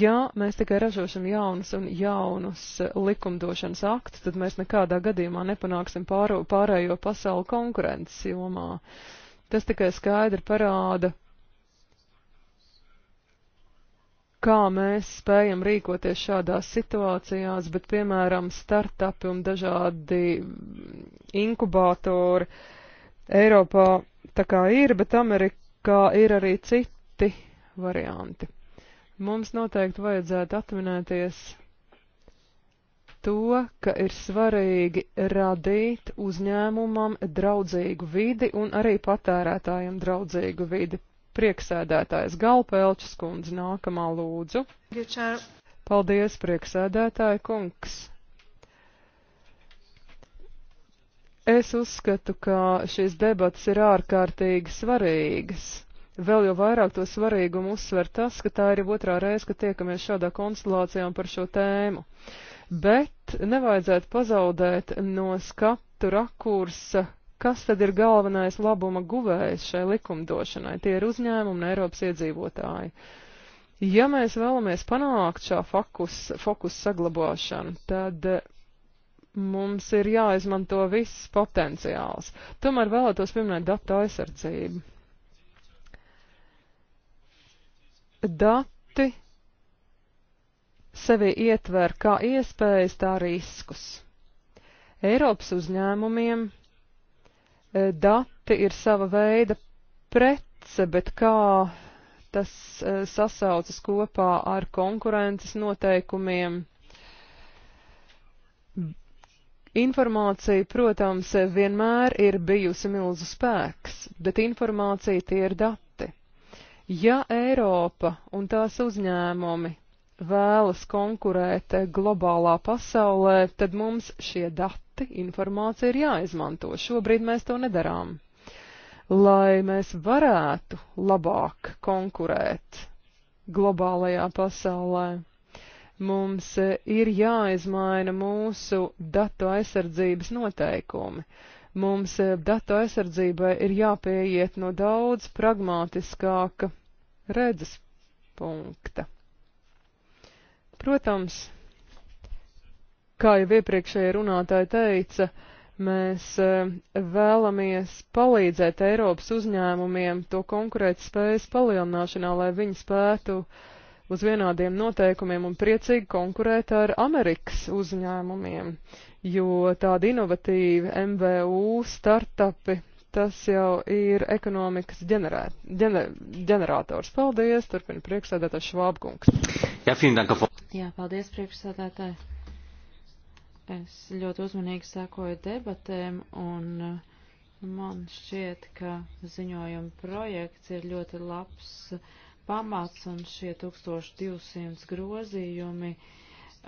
ja mēs tikai ražosim jaunus un jaunus likumdošanas aktus, tad mēs nekādā gadījumā nepanāksim pāro, pārējo pasauli konkurences jomā. Tas tikai skaidri parāda, kā mēs spējam rīkoties šādās situācijās, bet, piemēram, startupi un dažādi inkubatori Eiropā tā kā ir, bet Amerikā ir arī citi varianti. Mums noteikti vajadzētu atminēties to, ka ir svarīgi radīt uzņēmumam draudzīgu vidi un arī patērētājiem draudzīgu vidi. Prieksēdētājs Galpēlčs kundze nākamā lūdzu. Paldies, prieksēdētāja kungs. Es uzskatu, ka šīs debatas ir ārkārtīgi svarīgas. Vēl jau vairāk to svarīgumu uzsver tas, ka tā ir jau otrā reize, ka tiekamies šādā konstelācijā par šo tēmu. Bet nevajadzētu pazaudēt no skatu rakursa Kas tad ir galvenais labuma guvējs šai likumdošanai? Tie ir uzņēmumi un Eiropas iedzīvotāji. Ja mēs vēlamies panākt šā fokus, fokus saglabāšanu, tad eh, mums ir jāizmanto viss potenciāls. Tomēr vēlētos pieminēt datu aizsardzību. Dati sevi ietver kā iespējas, tā riskus. Eiropas uzņēmumiem Eh, dati ir sava veida prece, bet kā tas eh, sasaucas kopā ar konkurences noteikumiem? Informācija, protams, vienmēr ir bijusi milzu spēks, bet informācija tie ir dati. Ja Eiropa un tās uzņēmumi vēlas konkurēt globālā pasaulē, tad mums šie dati, informācija ir jāizmanto. Šobrīd mēs to nedarām. Lai mēs varētu labāk konkurēt globālajā pasaulē, mums ir jāizmaina mūsu datu aizsardzības noteikumi. Mums datu aizsardzībai ir jāpieiet no daudz pragmātiskāka redzes punkta. Protams, kā jau iepriekšēja runātāja teica, mēs eh, vēlamies palīdzēt Eiropas uzņēmumiem to konkurēt spējas palielināšanā, lai viņi spētu uz vienādiem noteikumiem un priecīgi konkurēt ar Amerikas uzņēmumiem, jo tādi inovatīvi MVU startupi tas jau ir ekonomikas ģenerē, ģener, ģenerators. Paldies, turpina priekšsēdētājs Švābkungs. Jā, Jā, paldies, priekšsēdētāji. Es ļoti uzmanīgi sekoju debatēm, un uh, man šķiet, ka ziņojuma projekts ir ļoti labs pamats, un šie 1200 grozījumi uh,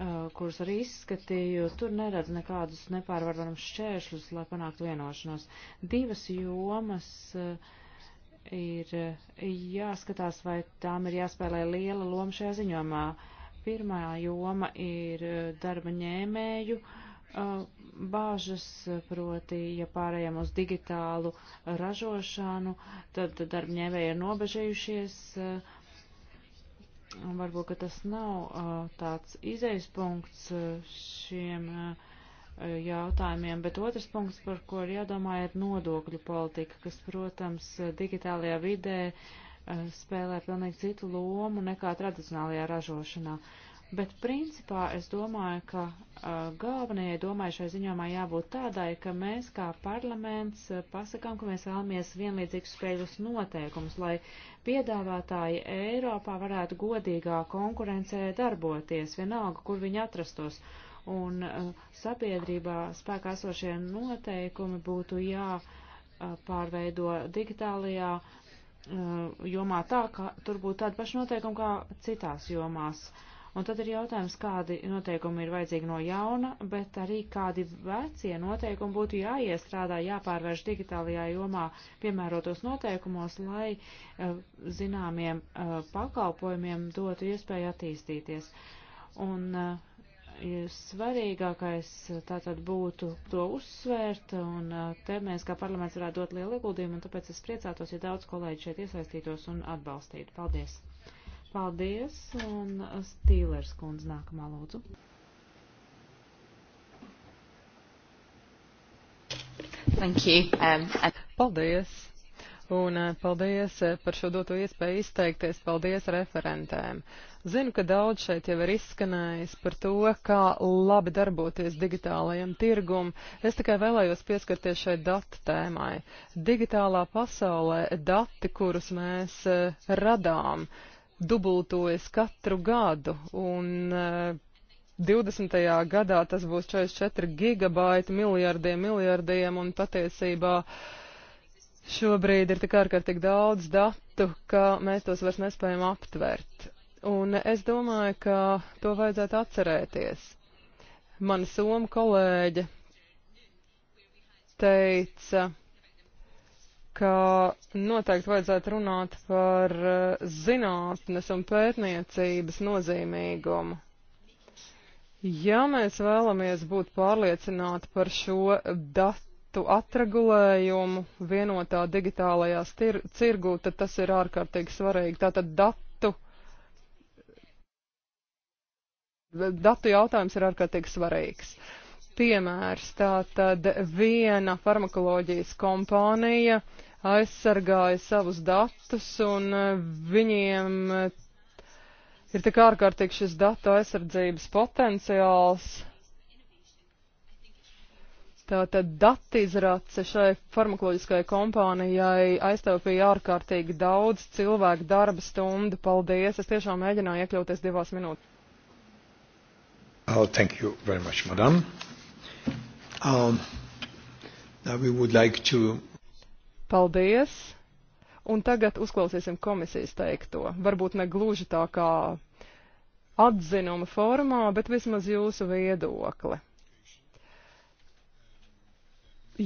Uh, kurus arī izskatīju, tur neredz nekādus nepārvarams šķēršļus, lai panāktu vienošanos. Divas jomas uh, ir uh, jāskatās, vai tām ir jāspēlē liela loma šajā ziņomā. Pirmā joma ir darba ņēmēju bāžas, proti, ja pārējām uz digitālu ražošanu, tad darbņēmēji ir nobežējušies, uh, varbūt, ka tas nav tāds izejas punkts šiem jautājumiem, bet otrs punkts, par ko ir jādomā, ir nodokļu politika, kas, protams, digitālajā vidē spēlē pilnīgi citu lomu nekā tradicionālajā ražošanā. Uh, Bet principā es domāju, ka uh, galvenajai domai šai ziņojumā jābūt tādai, ka mēs kā parlaments uh, pasakām, ka mēs vēlamies vienlīdzīgus spēļus noteikumus, lai piedāvātāji Eiropā varētu godīgā konkurencē darboties, vienalga, kur viņi atrastos. Un uh, sabiedrībā spēkā esošie noteikumi būtu jāpārveido uh, digitālajā uh, jomā tā, ka tur būtu tādi paši noteikumi kā citās jomās. Uh, Un tad ir jautājums, kādi noteikumi ir vajadzīgi no jauna, bet arī kādi vecie noteikumi būtu jāiestrādā, jāpārvērš digitālajā jomā piemērotos noteikumos, lai eh, zināmiem eh, pakalpojumiem dotu iespēju attīstīties. Un uh, svarīgākais tātad būtu to uzsvērt, un te mēs kā parlaments varētu dot lielu ieguldījumu, un tāpēc es priecātos, ja daudz kolēģi šeit iesaistītos un atbalstītu. Paldies! Paldies, un Stīlers kundze nākamā lūdzu. Thank you. Um, and... Paldies. Un uh, paldies uh, par šo doto iespēju izteikties. Paldies referentēm. Zinu, ka daudz šeit jau ir izskanējis par to, kā labi darboties digitālajam tirgum. Es tikai vēlējos pieskarties šai datu tēmai. Digitālā pasaulē dati, kurus mēs uh, radām, uh, dubultojas katru gadu, un 20. Eh, gadā tas būs 44 gigabaiti miljardiem, miljardiem, un patiesībā šobrīd ir tik ārkārtīgi daudz datu, ka mēs tos vairs nespējam aptvert. Un es domāju, ka to vajadzētu atcerēties. Mana soma kolēģe teica, ka noteikti vajadzētu runāt par eh, zinātnes un pētniecības nozīmīgumu. Ja mēs vēlamies būt pārliecināti par šo datu atregulējumu vienotā digitālajā cirgū, tad tas ir ārkārtīgi svarīgi. Tātad datu, datu jautājums ir ārkārtīgi svarīgs. Uh, piemērs. Tātad viena farmakoloģijas kompānija aizsargāja savus datus un e, viņiem e, ir tik ārkārtīgi šis datu aizsardzības potenciāls. Tātad dati izrace šai farmakoloģiskajai kompānijai aiztaupīja ārkārtīgi daudz cilvēku darba stundu. Paldies! Es tiešām mēģināju iekļauties divās minūtēs. Oh, thank you very much, madam. Um, we would like to... Paldies! Un tagad uzklausīsim komisijas teikto. Varbūt ne gluži tā kā atzinuma formā, bet vismaz jūsu viedokli.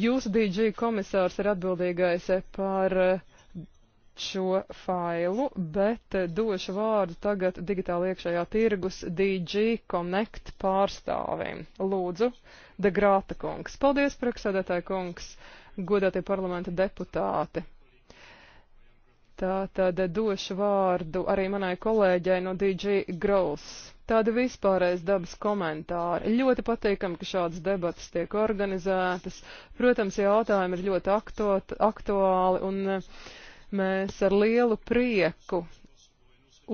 Jūsu DG komisārs ir atbildīgais par šo failu, bet došu vārdu tagad digitāla iekšējā tirgus DG Connect pārstāvim. Lūdzu, uh, de Grāta kungs. Paldies, priekšsēdētāji kungs, godātie parlamenta deputāti. Tātad došu vārdu arī manai kolēģei no DJ Gross. Tāda vispārējais dabas komentāri. Ļoti patīkami, ka šādas debatas tiek organizētas. Protams, jautājumi ir ļoti aktuot, aktuāli un eh, mēs ar lielu prieku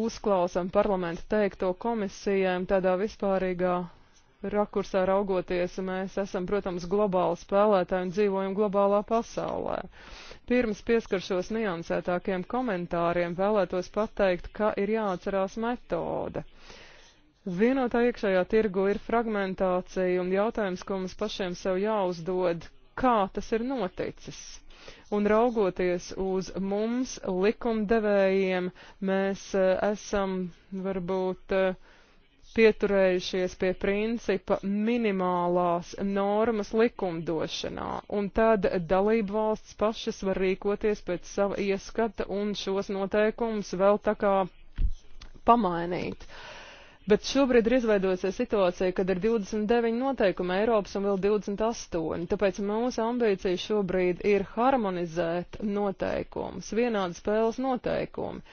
uzklausām parlamentu teikto komisijām tādā vispārīgā rakursā raugoties, mēs esam, protams, globāli spēlētāji un dzīvojam globālā pasaulē. Pirms pieskaršos niansētākiem komentāriem vēlētos pateikt, ka ir jāatcerās metode. Vienotā iekšējā tirgu ir fragmentācija un jautājums, ko mums pašiem sev jāuzdod, kā tas ir noticis. Un raugoties uz mums, likumdevējiem, mēs eh, esam varbūt uh, pieturējušies pie principa minimālās normas likumdošanā, un tad dalību valsts pašas var rīkoties pēc sava ieskata un šos noteikumus vēl tā kā pamainīt. Uh, Bet šobrīd ir izveidojusies situācija, kad ir 29 noteikumi Eiropas un vēl 28, tāpēc mūsu ambīcija šobrīd ir harmonizēt noteikumus, vienādi spēles noteikumi.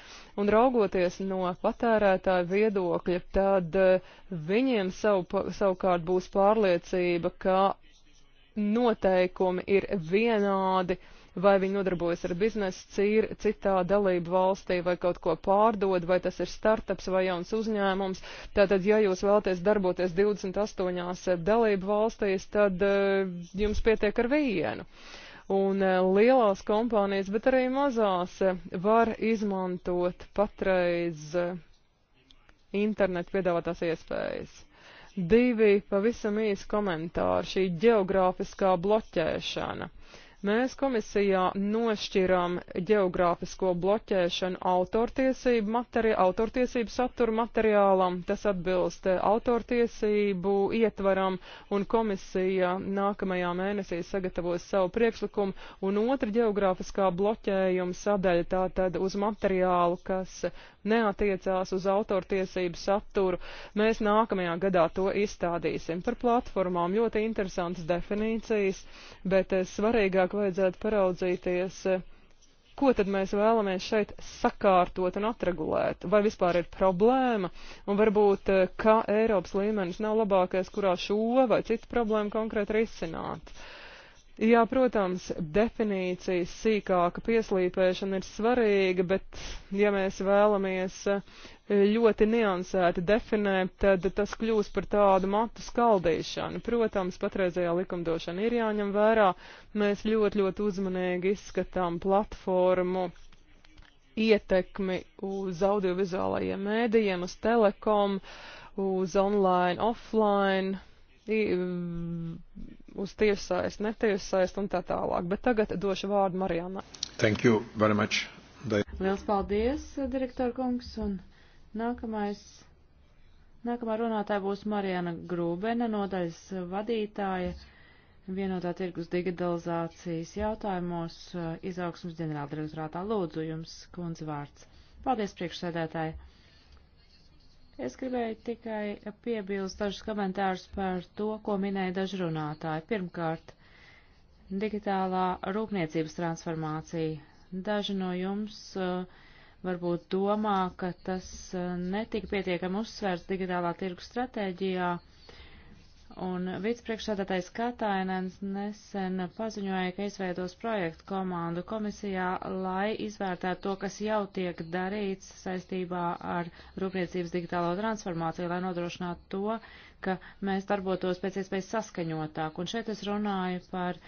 Un raugoties no patērētāja viedokļa, tad eh, viņiem savu, savukārt būs pārliecība, ka noteikumi ir vienādi vai viņi nodarbojas ar biznesu cīri, citā dalību valstī, vai kaut ko pārdod, vai tas ir startups vai jauns uzņēmums. Tātad, ja jūs vēlaties darboties 28 dalību valstīs, tad eh, jums pietiek ar vienu. Un eh, lielās kompānijas, bet arī mazās, eh, var izmantot patreiz internetu piedāvātās iespējas. Divi pavisam īsi komentāri - šī geogrāfiskā bloķēšana. Uh, Mēs komisijā nošķiram geogrāfisko bloķēšanu autortiesību, materi autortiesību saturu materiālam, tas atbilst autortiesību ietvaram, un komisija nākamajā mēnesī sagatavos savu priekšlikumu, un otra geogrāfiskā bloķējuma sadaļa tātad uz materiālu, kas neatiecās uz autortiesību saturu. Mēs nākamajā gadā to izstādīsim. Par platformām ļoti interesantas definīcijas, bet eh, svarīgāk vajadzētu paraudzīties, eh, ko tad mēs vēlamies šeit sakārtot un atregulēt, vai vispār ir problēma, un varbūt, eh, ka Eiropas līmenis nav labākais, kurā šo vai citu problēmu konkrēti risināt. Uh, Jā, protams, definīcijas sīkāka pieslīpēšana ir svarīga, bet ja mēs vēlamies e, ļoti niansēti definēt, tad tas kļūs par tādu matu skaldīšanu. Protams, patreizējā likumdošana ir jāņem vērā. Mēs ļoti, ļoti uzmanīgi izskatām platformu ietekmi uz audiovizuālajiem mēdījiem, uz telekom, uz online, offline Mm, uz tiesājas, netiesājas un tā tālāk. Bet tagad došu vārdu Marijanai. Thank you very much. Dai. Liels paldies, direktor kungs, un nākamais, nākamā runātāja būs Marijana Grūbena, nodaļas vadītāja vienotā tirgus digitalizācijas jautājumos izaugsmas ģenerāldirektorātā. Lūdzu jums, kundze vārds. Paldies, priekšsēdētāji. Es gribēju tikai piebilst dažus komentārus par to, ko minēja daži runātāji. Pirmkārt, digitālā rūpniecības transformācija. Daži no jums uh, varbūt domā, ka tas uh, netika pietiekami uzsvērts digitālā tirgu stratēģijā un vicepriekšsādātais Katainens nesen paziņoja, ka izveidos projektu komandu komisijā, lai izvērtētu to, kas jau tiek darīts saistībā ar rūpniecības digitālo transformāciju, lai nodrošinātu to, ka mēs darbotos pēc iespējas saskaņotāk. Un šeit es runāju par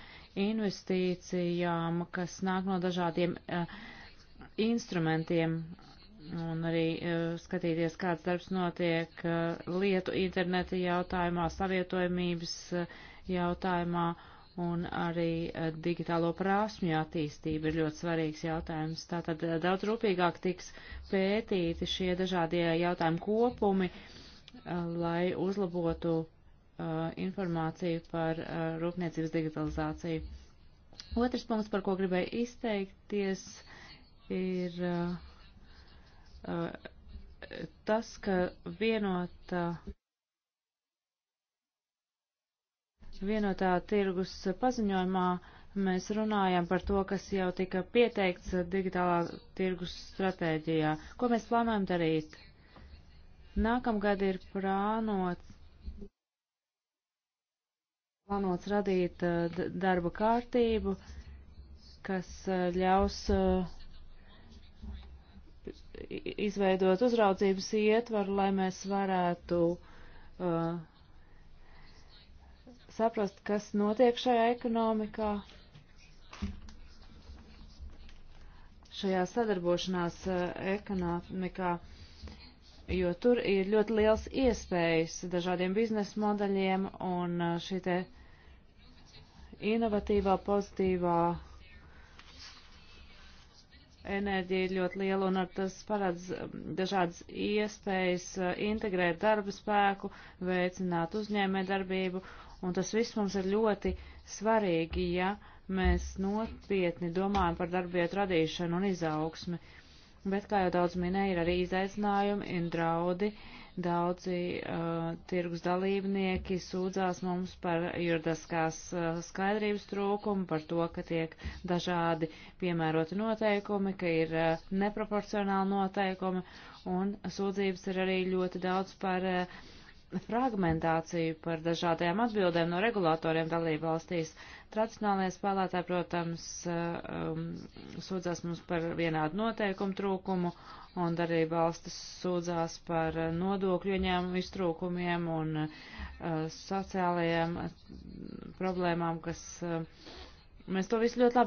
investīcijām, kas nāk no dažādiem uh, instrumentiem, un arī uh, skatīties, kāds darbs notiek uh, lietu interneta jautājumā, savietojamības uh, jautājumā un arī uh, digitālo prasmju attīstība ir ļoti svarīgs jautājums. Tātad uh, daudz rūpīgāk tiks pētīti šie dažādie jautājumu kopumi, uh, lai uzlabotu uh, informāciju par uh, rūpniecības digitalizāciju. Otrs punkts, par ko gribēju izteikties, ir. Uh, Uh, tas, ka vienotā, vienotā tirgus paziņojumā mēs runājam par to, kas jau tika pieteikts digitālā tirgus stratēģijā. Ko mēs plānojam darīt? Nākamgad ir prānots, plānots radīt uh, darba kārtību, kas uh, ļaus uh, izveidot uzraudzības ietvaru, lai mēs varētu uh, saprast, kas notiek šajā ekonomikā, šajā sadarbošanās uh, ekonomikā, jo tur ir ļoti liels iespējas dažādiem biznesa modeļiem un uh, šī te inovatīvā, pozitīvā enerģija ir ļoti liela un tas paredz um, dažādas iespējas uh, integrēt darba spēku, veicināt uzņēmē darbību, un tas viss mums ir ļoti svarīgi, ja mēs nopietni domājam par darbietu radīšanu un izaugsmi. Bet, kā jau daudz minēja, ir arī izaicinājumi un draudi. Uh, Daudzi uh, tirgus dalībnieki sūdzās mums par juridiskās uh, skaidrības trūkumu, par to, ka tiek dažādi piemēroti noteikumi, ka ir uh, neproporcionāli noteikumi, un sūdzības ir arī ļoti daudz par uh, fragmentāciju par dažādajām atbildēm no regulātoriem dalību valstīs. Tradicionālajie spēlētāji, protams, um, sūdzās mums par vienādu noteikumu trūkumu, un darību valstis sūdzās par nodokļu ieņēmumu iztrūkumiem un uh, sociālajiem uh, problēmām, kas uh, Mēs to visu ļoti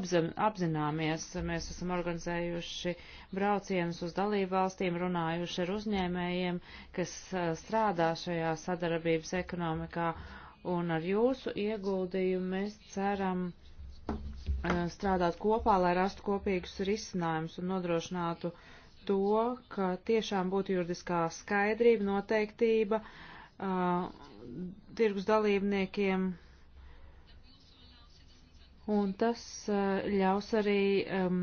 apzināmies. Mēs esam organizējuši braucienus uz dalību valstīm, runājuši ar uzņēmējiem, kas strādā šajā sadarbības ekonomikā, un ar jūsu ieguldījumu mēs ceram strādāt kopā, lai rastu kopīgus risinājumus un nodrošinātu to, ka tiešām būtu juridiskā skaidrība, noteiktība tirgus dalībniekiem Un tas eh, ļaus arī um,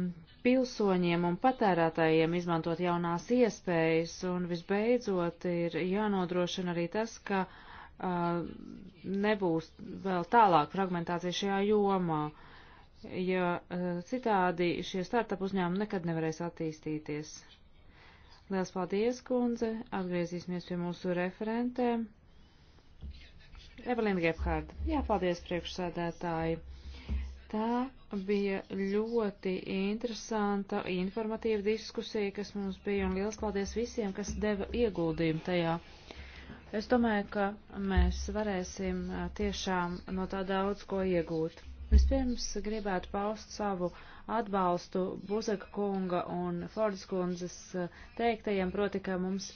pilsoņiem un patērētājiem izmantot jaunās iespējas, un visbeidzot ir jānodrošina arī tas, ka uh, nebūs vēl tālāk fragmentācija šajā jomā, ja uh, citādi šie startup uzņēmumi nekad nevarēs attīstīties. Liels paldies, kundze! Atgriezīsimies pie mūsu referentēm. Evelīna Gephardt. Jā, paldies, priekšsēdētāji! Tā bija ļoti interesanta, informatīva diskusija, kas mums bija, un liels paldies visiem, kas deva ieguldījumu tajā. Es domāju, ka mēs varēsim tiešām no tā daudz ko iegūt. Vispirms gribētu paust savu atbalstu Buzaka kunga un Fordas kundzes eh, teiktajiem, proti, ka mums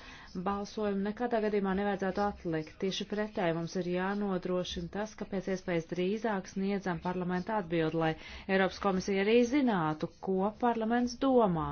balsojumu nekādā gadījumā nevajadzētu atlikt. Tieši pretēji mums ir jānodrošina tas, ka pēc iespējas drīzāk sniedzam parlamentu atbildi, lai Eiropas komisija arī zinātu, ko parlaments domā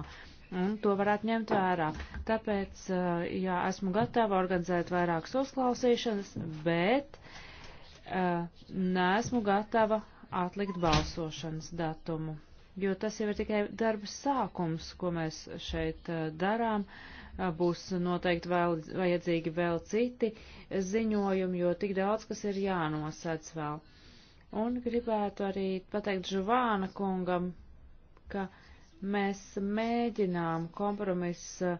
un to varētu ņemt vērā. Tāpēc, eh, jā, esmu gatava organizēt vairākas uzklausīšanas, bet uh, eh, neesmu gatava atlikt balsošanas datumu, jo tas jau ir tikai darba sākums, ko mēs šeit eh, darām. Eh, būs noteikti vēl, vajadzīgi vēl citi ziņojumi, jo tik daudz, kas ir jānosēc vēl. Un gribētu arī pateikt Žuvāna kungam, ka mēs mēģinām kompromisa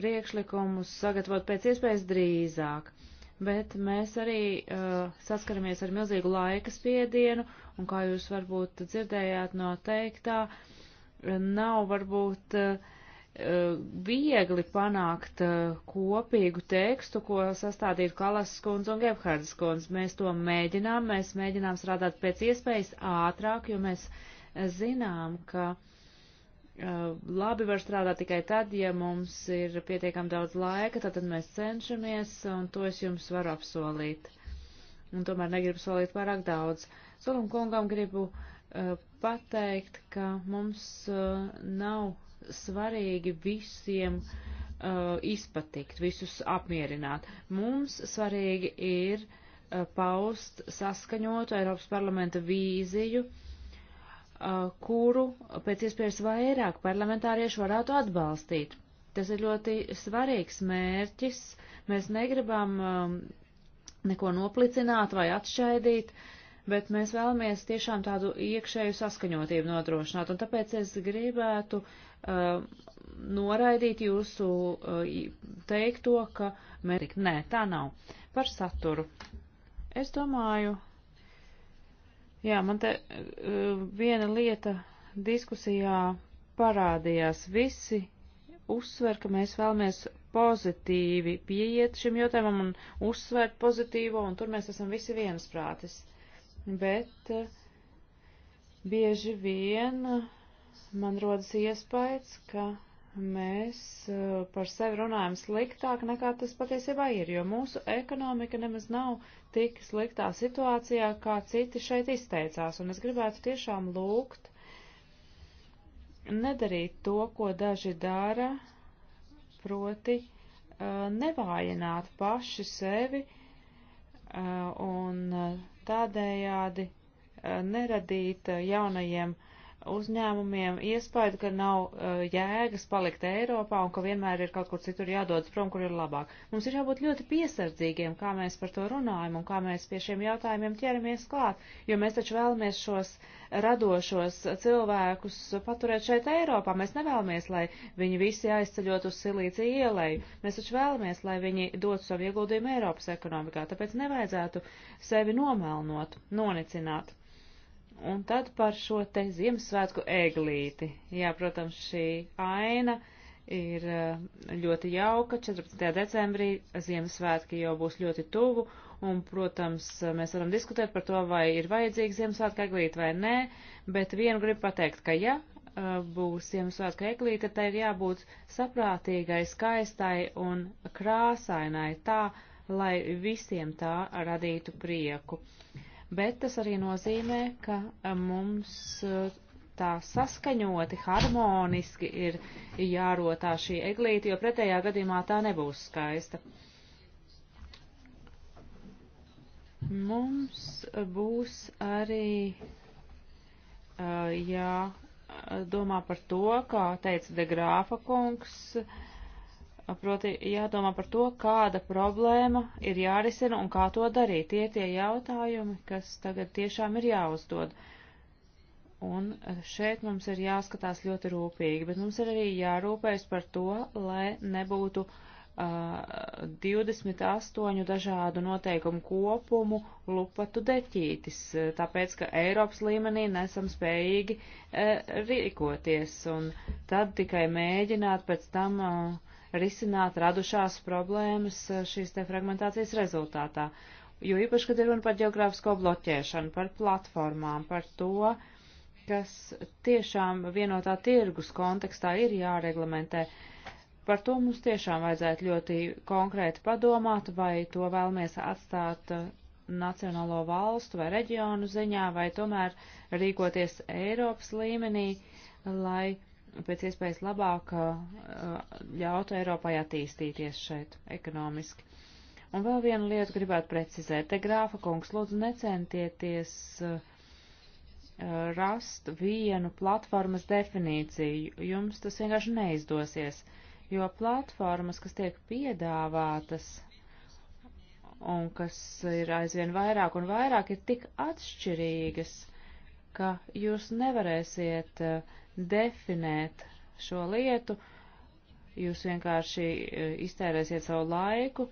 priekšlikumus sagatavot pēc iespējas drīzāk. Uh, bet mēs arī uh, saskaramies ar milzīgu laika spiedienu, un kā jūs varbūt dzirdējāt no teiktā, nav varbūt uh, viegli panākt uh, kopīgu tekstu, ko sastādītu Kalasas kundze un Gebhardas kundze. Mēs to mēģinām, mēs mēģinām strādāt pēc iespējas ātrāk, jo mēs zinām, ka uh, Eh, labi var strādāt tikai tad, ja mums ir pietiekami daudz laika, tad mēs cenšamies, un to es jums varu apsolīt. Un tomēr negribu solīt pārāk daudz. Solum kungam gribu uh, pateikt, ka mums uh, nav svarīgi visiem uh, izpatikt, visus apmierināt. Mums svarīgi ir paust saskaņotu Eiropas parlamenta vīziju, uh, Uh, kuru pēc iespējas vairāk parlamentārieši varētu atbalstīt. Tas ir ļoti svarīgs mērķis. Mēs negribam um, neko noplicināt vai atšķaidīt, bet mēs vēlamies tiešām tādu iekšēju saskaņotību nodrošināt. Un tāpēc es gribētu uh, noraidīt jūsu uh, teikto, ka mērķi. Nē, tā nav. Par saturu. Es domāju, Jā, man te eh, viena lieta diskusijā parādījās. Visi uzsver, ka mēs vēlamies pozitīvi pieiet šim jautājumam un uzsvērt pozitīvo, un tur mēs esam visi viensprātis. Bet eh, bieži vien eh, man rodas iespējas, ka mēs eh, par sevi runājam sliktāk nekā tas patiesībā ir, jo mūsu ekonomika nemaz nav tik sliktā situācijā, kā citi šeit izteicās, un es gribētu tiešām lūgt nedarīt to, ko daži dara, proti eh, nevājināt paši sevi eh, un tādējādi neradīt jaunajiem uzņēmumiem iespēju, ka nav uh, jēgas palikt Eiropā un ka vienmēr ir kaut kur citur jādodas prom, kur ir labāk. Mums ir jābūt ļoti piesardzīgiem, kā mēs par to runājam un kā mēs pie šiem jautājumiem ķeramies klāt, jo mēs taču vēlamies šos radošos cilvēkus paturēt šeit Eiropā. Mēs nevēlamies, lai viņi visi aizceļot uz Silīciju ielēju. Mēs taču vēlamies, lai viņi dotu savu ieguldījumu Eiropas ekonomikā, tāpēc nevajadzētu sevi nomelnot, nonicināt. Un tad par šo te Ziemassvētku eglīti. Jā, protams, šī aina ir eh, ļoti jauka. 14. decembrī Ziemassvētki jau būs ļoti tuvu, un, protams, mēs varam diskutēt par to, vai ir vajadzīga Ziemassvētku eglīte vai nē, bet vienu gribu pateikt, ka ja eh, būs Ziemassvētku eglīte, tai ir jābūt saprātīgai, skaistai un krāsainai tā, lai visiem tā radītu prieku. Uh, bet tas arī nozīmē, ka mums tā saskaņoti, harmoniski ir jārotā šī eglīte, jo pretējā gadījumā tā nebūs skaista. Mums būs arī jādomā par to, kā teica Degrāfa kungs, uh, Proti jādomā par to, kāda problēma ir jārisina un kā to darīt. Tie tie jautājumi, kas tagad tiešām ir jāuzdod. Un šeit mums ir jāskatās ļoti rūpīgi, bet mums ir arī jārūpējas par to, lai nebūtu uh, 28 dažādu noteikumu kopumu lupatu deķītis, tāpēc, ka Eiropas līmenī nesam spējīgi uh, rīkoties un tad tikai mēģināt pēc tam uh, risināt radušās problēmas eh, šīs te fragmentācijas rezultātā. Jo īpaši, kad ir runa par geogrāfisko bloķēšanu, par platformām, par to, kas tiešām vienotā tirgus kontekstā ir jāreglamentē. Par to mums tiešām vajadzētu ļoti konkrēti padomāt, vai to vēlamies atstāt eh, nacionālo valstu vai reģionu ziņā, vai tomēr rīkoties Eiropas līmenī, lai pēc iespējas labāk uh, uh, ļautu Eiropai attīstīties šeit ekonomiski. Un vēl vienu lietu gribētu precizēt. Te grāfa kungs, lūdzu, necentieties uh, rast vienu platformas definīciju. Jums tas vienkārši neizdosies, jo platformas, kas tiek piedāvātas un kas ir aizvien vairāk un vairāk, ir tik atšķirīgas, ka jūs nevarēsiet uh, definēt šo lietu. Jūs vienkārši e, iztērēsiet savu laiku,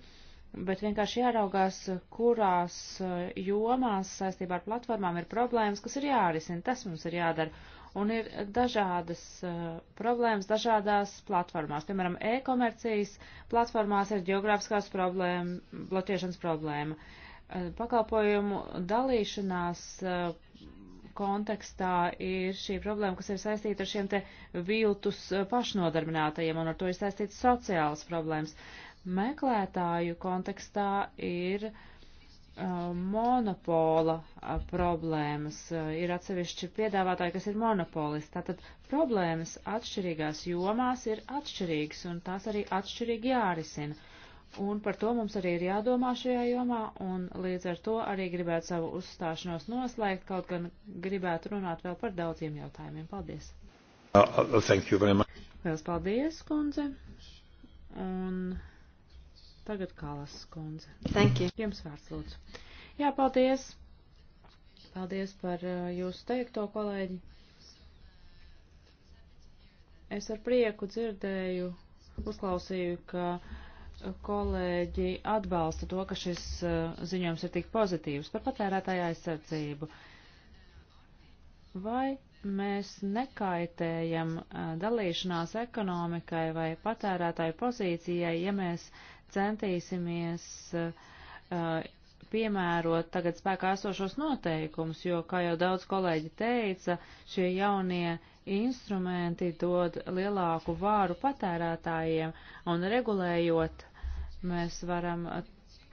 bet vienkārši jāraugās, kurās e, jomās saistībā ar platformām ir problēmas, kas ir jārisina. Tas mums ir jādara. Un ir dažādas e, problēmas dažādās platformās. Piemēram, e-komercijas platformās ir geogrāfiskās problēma, blokēšanas problēma. Pakalpojumu dalīšanās kontekstā ir šī problēma, kas ir saistīta ar šiem te viltus eh, pašnodarbinātajiem, un ar to ir saistīts sociāls problēmas. Meklētāju kontekstā ir uh, monopola uh, problēmas, uh, ir atsevišķi piedāvātāji, kas ir monopolisti. Tātad problēmas atšķirīgās jomās ir atšķirīgas, un tās arī atšķirīgi jārisina. Un par to mums arī ir jādomā šajā jomā, un līdz ar to arī gribētu savu uzstāšanos noslēgt, kaut gan gribētu runāt vēl par daudziem jautājumiem. Paldies! Uh, uh, Vēlas paldies, kundze! Un tagad Kalas kundze. Thank you! Jums vārds lūdzu. Jā, paldies! Paldies par uh, jūsu teikto, kolēģi! Es ar prieku dzirdēju, uzklausīju, ka uh, kolēģi atbalsta to, ka šis eh, ziņojums ir tik pozitīvs par patērētāju aizsardzību. Vai mēs nekaitējam eh, dalīšanās ekonomikai vai patērētāju pozīcijai, ja mēs centīsimies eh, piemērot tagad spēkā esošos noteikumus, jo, kā jau daudz kolēģi teica, šie jaunie instrumenti dod lielāku vāru patērētājiem un regulējot mēs varam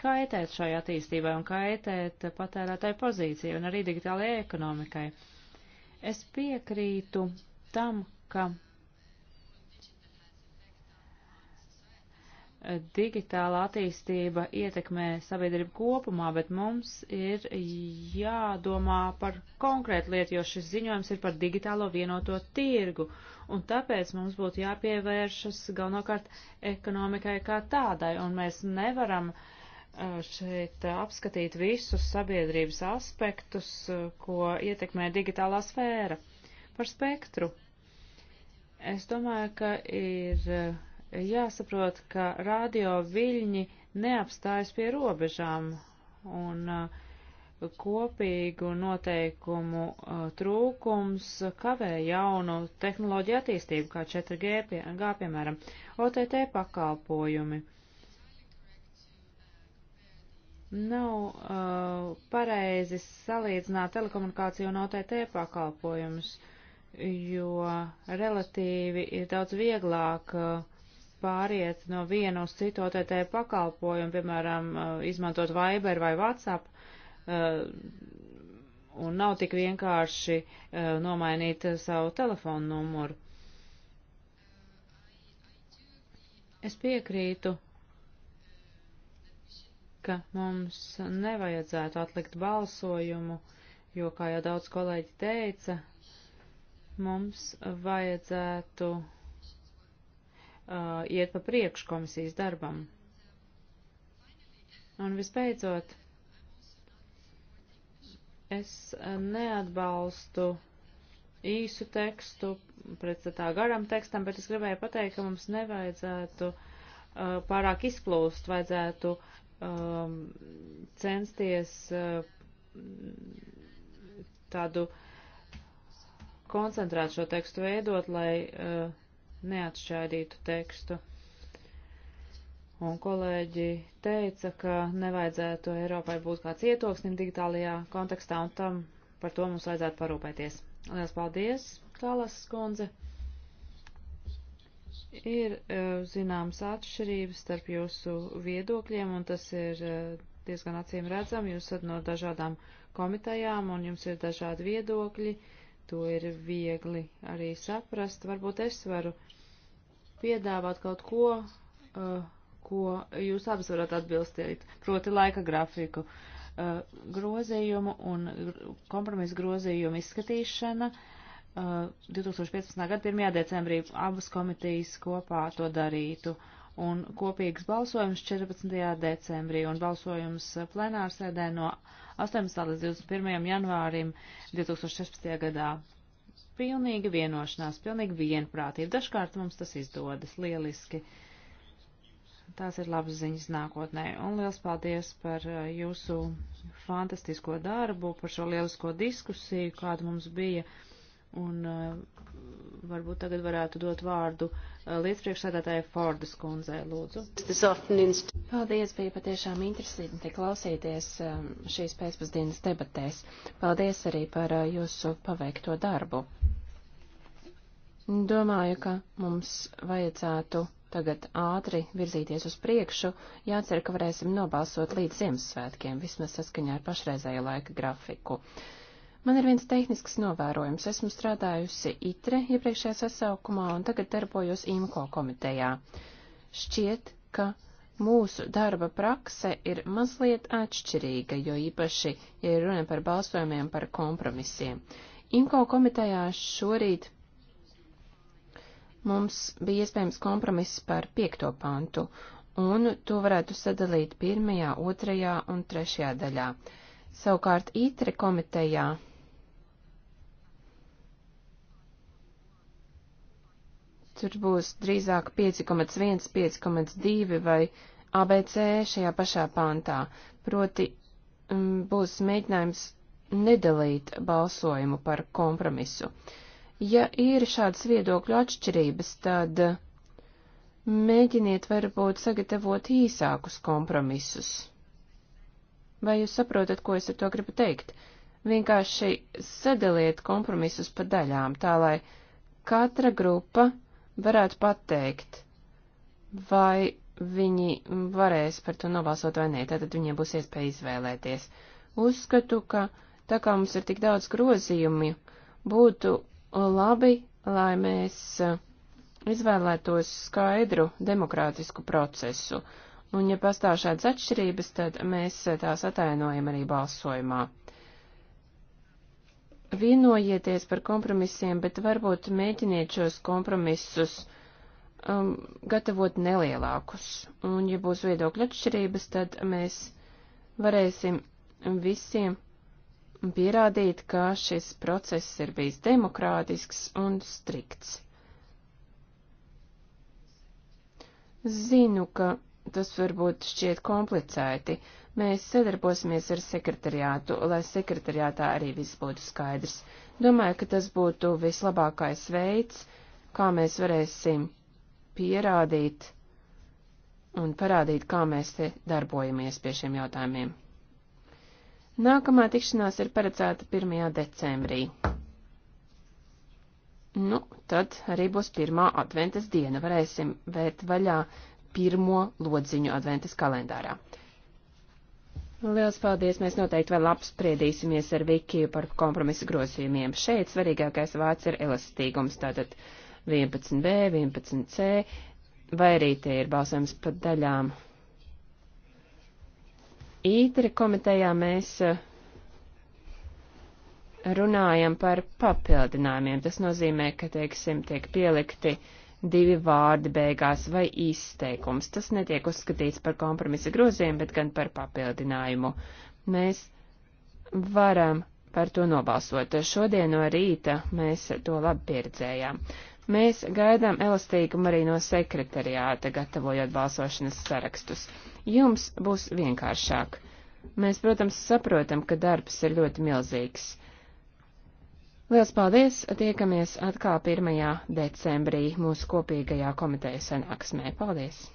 kaitēt šai attīstībai un kaitēt patērētāju pozīciju un arī digitālajai ekonomikai. Es piekrītu tam, ka digitāla attīstība ietekmē sabiedrību kopumā, bet mums ir jādomā par konkrētu lietu, jo šis ziņojums ir par digitālo vienoto tirgu, un tāpēc mums būtu jāpievēršas galvenokārt ekonomikai kā tādai, un mēs nevaram šeit apskatīt visus sabiedrības aspektus, ko ietekmē digitālā sfēra. Par spektru. Es domāju, ka ir Jāsaprot, ka radio viļņi neapstājas pie robežām un uh, kopīgu noteikumu uh, trūkums kavē jaunu tehnoloģiju attīstību, kā 4G, pie, G, piemēram, OTT pakalpojumi. Nav uh, pareizi salīdzināt telekomunikāciju un OTT pakalpojumus, jo relatīvi ir daudz vieglāk uh, pāriet no viena uz citu OTT pakalpojumu, piemēram, uh, izmantot Viber vai WhatsApp, uh, un nav tik vienkārši uh, nomainīt savu telefonu numuru. Es piekrītu, ka mums nevajadzētu atlikt balsojumu, jo, kā jau daudz kolēģi teica, mums vajadzētu uh, iet pa priekšu komisijas darbam. Un visbeidzot, es uh, neatbalstu īsu tekstu pretstatā garam tekstam, bet es gribēju pateikt, ka mums nevajadzētu uh, pārāk izplūst, vajadzētu um, censties uh, tādu koncentrēt šo tekstu veidot, lai uh, neatšķaidītu tekstu. Un kolēģi teica, ka nevajadzētu Eiropai būt kāds ietoksnim digitālajā kontekstā, un tam par to mums vajadzētu parūpēties. Lielas paldies, Kalas skundze. Ir e, zināmas atšķirības starp jūsu viedokļiem, un tas ir e, diezgan acīm redzam. Jūs esat no dažādām komitejām, un jums ir dažādi viedokļi. To ir viegli arī saprast. Varbūt es varu piedāvāt kaut ko, uh, ko jūs abas varat atbilstīt, proti laika grafiku uh, grozījumu un kompromisu grozījumu izskatīšana. Uh, 2015. gada 1. decembrī abas komitejas kopā to darītu un kopīgs balsojums 14. decembrī un balsojums plenārsēdē no 18. līdz 21. janvārim 2016. gadā pilnīga vienošanās, pilnīga vienprātība. Dažkārt mums tas izdodas lieliski. Tās ir labas ziņas nākotnē. Un liels paldies par uh, jūsu fantastisko darbu, par šo lielisko diskusiju, kāda mums bija. Un uh, varbūt tagad varētu dot vārdu uh, līdzpriekšsēdētāja Fordas kundzei, lūdzu. Paldies, bija patiešām interesanti klausīties um, šīs pēcpusdienas debatēs. Paldies arī par jūsu paveikto darbu. Domāju, ka mums vajadzētu tagad ātri virzīties uz priekšu, jācer, ka varēsim nobalsot līdz Ziemassvētkiem, vismaz saskaņā ar pašreizējo laika grafiku. Man ir viens tehnisks novērojums. Esmu strādājusi ITRE iepriekšējā sasaukumā un tagad darbojos IMCO komitejā. Šķiet, ka mūsu darba prakse ir mazliet atšķirīga, jo īpaši, ja runājam par balsojumiem par kompromisiem. IMCO komitejā šorīt mums bija iespējams kompromiss par piekto pantu, un to varētu sadalīt pirmajā, otrajā un trešajā daļā. Savukārt ITRE komitejā tur būs drīzāk 5,1, 5,2 vai ABC šajā pašā pantā, proti m, mm, būs mēģinājums nedalīt balsojumu par kompromisu. Uh, Ja ir šādas viedokļu atšķirības, tad mēģiniet varbūt sagatavot īsākus kompromisus. Vai jūs saprotat, ko es ar to gribu teikt? Vienkārši sadaliet kompromisus pa daļām, tā lai katra grupa varētu pateikt, vai viņi varēs par to nobalsot vai nē, tātad viņiem būs iespēja izvēlēties. Uzskatu, ka tā kā mums ir tik daudz grozījumi, būtu labi, lai mēs eh, izvēlētos skaidru demokrātisku procesu, un ja pastāv šādas atšķirības, tad mēs eh, tās atainojam arī balsojumā. Vienojieties par kompromisiem, bet varbūt mēģiniet šos kompromisus um, gatavot nelielākus, un ja būs viedokļa atšķirības, tad mēs varēsim visiem pierādīt, ka šis process ir bijis demokrātisks un strikts. Zinu, ka tas varbūt šķiet komplicēti. Mēs sadarbosimies ar sekretariātu, lai sekretariātā arī viss būtu skaidrs. Domāju, ka tas būtu vislabākais veids, kā mēs varēsim pierādīt un parādīt, kā mēs te darbojamies pie šiem jautājumiem. Nākamā tikšanās ir paredzēta 1. decembrī. Nu, tad arī būs pirmā adventas diena. Varēsim vērt vaļā pirmo lodziņu adventas kalendārā. Liels paldies! Mēs noteikti vēl apspriedīsimies ar Vikiju par kompromisu grozījumiem. Šeit svarīgākais vārds ir elastīgums, tātad 11b, 11c, vai arī te ir balsojums pa daļām Ītri komitejā mēs eh, runājam par papildinājumiem. Tas nozīmē, ka, teiksim, tiek pielikti divi vārdi beigās vai izteikums. Tas netiek uzskatīts par kompromisa grozījumu, bet gan par papildinājumu. Mēs varam par to nobalsot. Šodien no rīta mēs to labi pieredzējām. Mēs gaidām elastīgumu arī no sekretariāta, gatavojot balsošanas sarakstus jums būs vienkāršāk. Mēs, protams, saprotam, ka darbs ir ļoti milzīgs. Liels paldies! Tiekamies atkal 1. decembrī mūsu kopīgajā komiteja sanāksmē. Paldies!